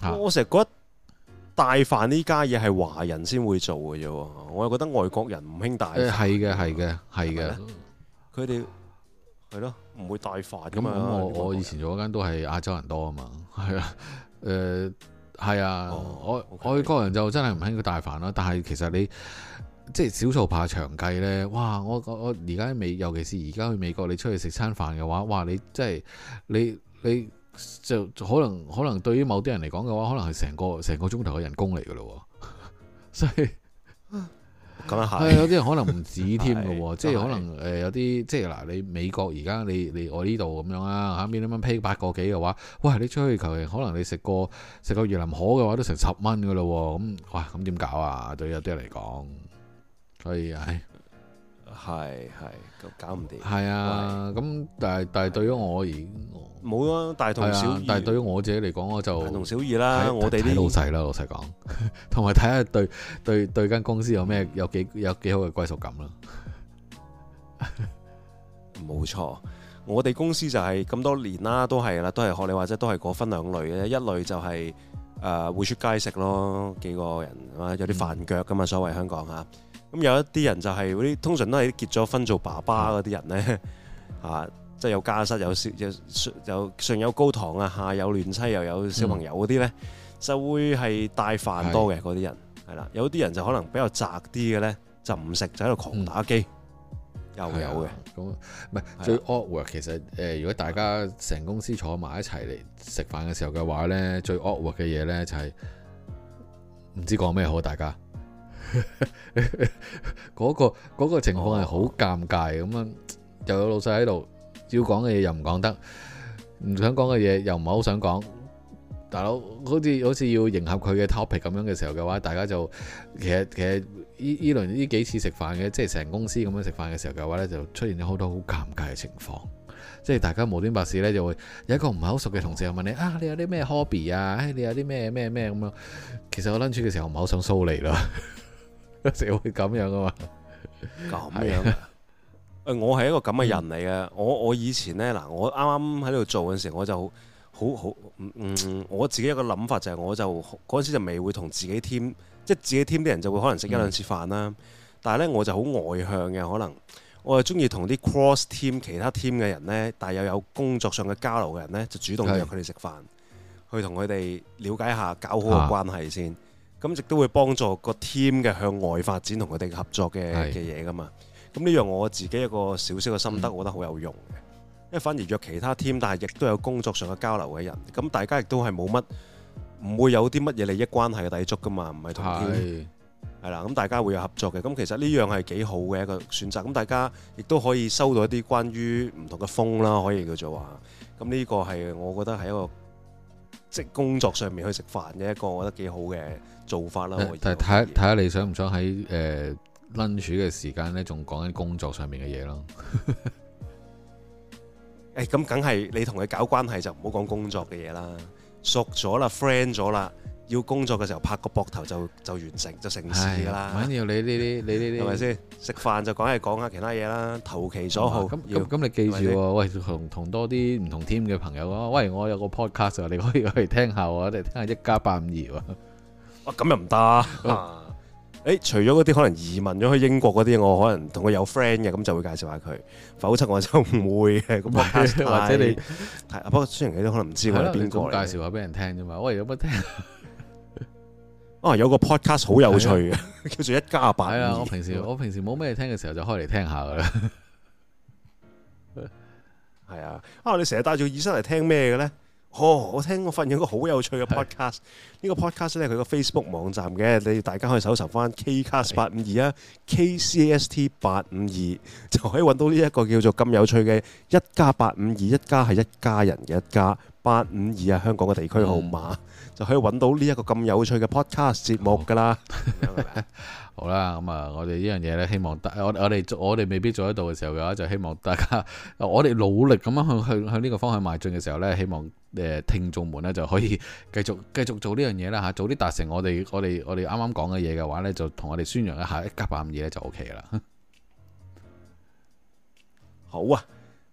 嚇。我成日覺得帶飯呢家嘢係華人先會做嘅啫，我又覺得外國人唔興帶飯。係嘅係嘅係嘅，佢哋係咯唔會帶飯咁。我我以前做嗰間都係亞洲人多啊嘛，係啊。誒係、呃、啊，oh, okay. 我我個人就真係唔興佢大飯啦、啊。但係其實你即係少數怕長計呢。哇！我我而家美，尤其是而家去美國，你出去食餐飯嘅話，哇！你真係、就係、你你就可能可能對於某啲人嚟講嘅話，可能係成個成個鐘頭嘅人工嚟㗎咯，所以。.咁啊，係有啲人可能唔止添嘅喎，即係可能誒有啲即係嗱，你美國而家你你我呢度咁樣啊嚇，邊啲蚊 p 八個幾嘅話，喂，你出去求其可能你食個食個越南河嘅話都成十蚊嘅咯喎，咁、嗯、哇咁點搞啊，對有啲人嚟講，所以唉。係係搞唔掂。係啊的，咁但係但係對於我而冇啊，大同小異。但係對於我自己嚟講，我就大同小異啦。我哋啲老細啦，老細講，同埋睇下對對對，間公司有咩有幾有幾好嘅歸屬感啦。冇錯、嗯， 我哋公司就係咁多年啦，都係啦，都係學你話齋，都係嗰分兩類嘅，一類就係誒會出街食咯，幾個人有啲飯腳噶嘛，所謂香港吓。嗯咁有一啲人就係嗰啲，通常都係結咗婚做爸爸嗰啲人咧，啊，嗯、 即係有家室，有有上有高堂啊，有亂妻，又有，有小朋友嗰啲咧，嗯、就會係帶飯多嘅嗰啲人，係啦。有啲人就可能比較宅啲嘅咧，就唔食，就喺度狂打機，又、嗯、有嘅。咁唔係最 awkward，其實誒、呃，如果大家成公司坐埋一齊嚟食飯嘅時候嘅話咧，最 awkward 嘅嘢咧就係、是、唔知講咩好，大家。嗰個、 嗰個情況係好尷尬，咁樣又有老細喺度，要講嘅嘢，又唔講得，唔想講嘅嘢又唔係好想講。大佬好似好似要迎合佢嘅 topic 咁樣嘅時候嘅話，大家就其實其實依依輪呢幾次食飯嘅，即係成公司咁樣食飯嘅時候嘅話呢，就出現咗好多好尷尬嘅情況。即係大家無端白事呢，就會有一個唔係好熟嘅同事又問你啊，你有啲咩 hobby 啊？你有啲咩咩咩咁樣？其實我 lunch 嘅時候唔係好想 show 你咯。一社會咁樣啊嘛，咁樣，誒， 我係一個咁嘅人嚟嘅，嗯、我我以前呢，嗱，我啱啱喺度做嘅時候，我就好好嗯，我自己一個諗法就係，我就嗰陣時就未會同自己 team，即係自己 team 啲人就會可能食一兩是的 次飯啦，但係呢，我就好外向嘅，可能我係中意同啲 cross team 其他 team 嘅人呢，但係又有，有工作上嘅交流嘅人呢，就主動約佢哋食飯，是的 去同佢哋了解下，搞好個關係先。啊啊咁亦都會幫助個 team 嘅向外發展同佢哋合作嘅嘅嘢噶嘛。咁呢是樣我自己一個小小嘅心得，我覺得好有用嘅。嗯、因為反而約其他 team，但係亦都有工作上嘅交流嘅人。咁大家亦都係冇乜，唔會有啲乜嘢利益關係嘅抵觸噶嘛。唔係同 team 係啦。咁是大家會有合作嘅。咁其實呢樣係幾好嘅一個選擇。咁大家亦都可以收到一啲關於唔同嘅風啦，可以叫做話。咁呢個係我覺得係一個。即係工作上面去食飯嘅一個，我覺得幾好嘅做法啦。但係睇下睇下你想唔想喺誒 lunch 嘅時間咧，仲講緊工作上面嘅嘢咯？誒，咁梗係你同佢搞關係就唔好講工作嘅嘢啦，熟咗啦，friend 咗啦。要工作嘅時候拍個膊頭就就完成就成事㗎啦。緊要你呢啲你呢啲係咪先食飯就講係講下其他嘢啦，投其所好。咁咁咁，你記住喎，喂，同同多啲唔同 team 嘅朋友啊，喂，我有個 podcast 啊，你可以去聽下喎，我哋聽下一家八五二喎。咁又唔得啊？誒，除咗嗰啲可能移民咗去英國嗰啲，我可能同佢有 friend 嘅，咁就會介紹下佢，否則我就唔會。咁或者你，不過雖然你都可能唔知佢係邊個嚟，介紹下俾人聽啫嘛。喂，有乜聽？哦，有個 podcast 好有趣嘅，叫做一加八五二。係啊，我平時我平時冇咩聽嘅時候就開嚟聽下噶啦。係啊，啊你成日帶住耳塞嚟聽咩嘅咧？哦，我聽我發現個好有趣嘅 podcast。呢個 podcast 咧，佢個 Facebook 網站嘅，你大家可以搜尋翻 Kcast 八五二啊 KCST 八五二就可以揾到呢一個叫做咁有趣嘅一加八五二。一加係一家人嘅一加。八五二啊，52，香港嘅地區號碼、嗯、就可以揾到呢一個咁有趣嘅 podcast 節目噶啦。哦、 好啦，咁啊，我哋呢樣嘢呢，希望我我哋我哋未必做得到嘅時候嘅話，就希望大家我哋努力咁樣向向呢個方向邁進嘅時候呢，希望誒、呃、聽眾們咧就可以繼續繼續做呢樣嘢啦嚇，早啲達成我哋我哋我哋啱啱講嘅嘢嘅話呢，就同我哋宣揚一下一家八五二嘢咧就 OK 啦。好啊。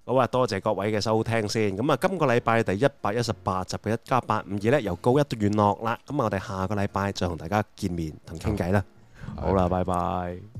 好啊，多謝各位嘅收聽先。咁啊，今個禮拜第一百一十八集嘅一加八五二咧，52, 由高一到完落啦。咁啊，我哋下個禮拜再同大家見面同傾偈啦。嗯、好啦，的拜拜。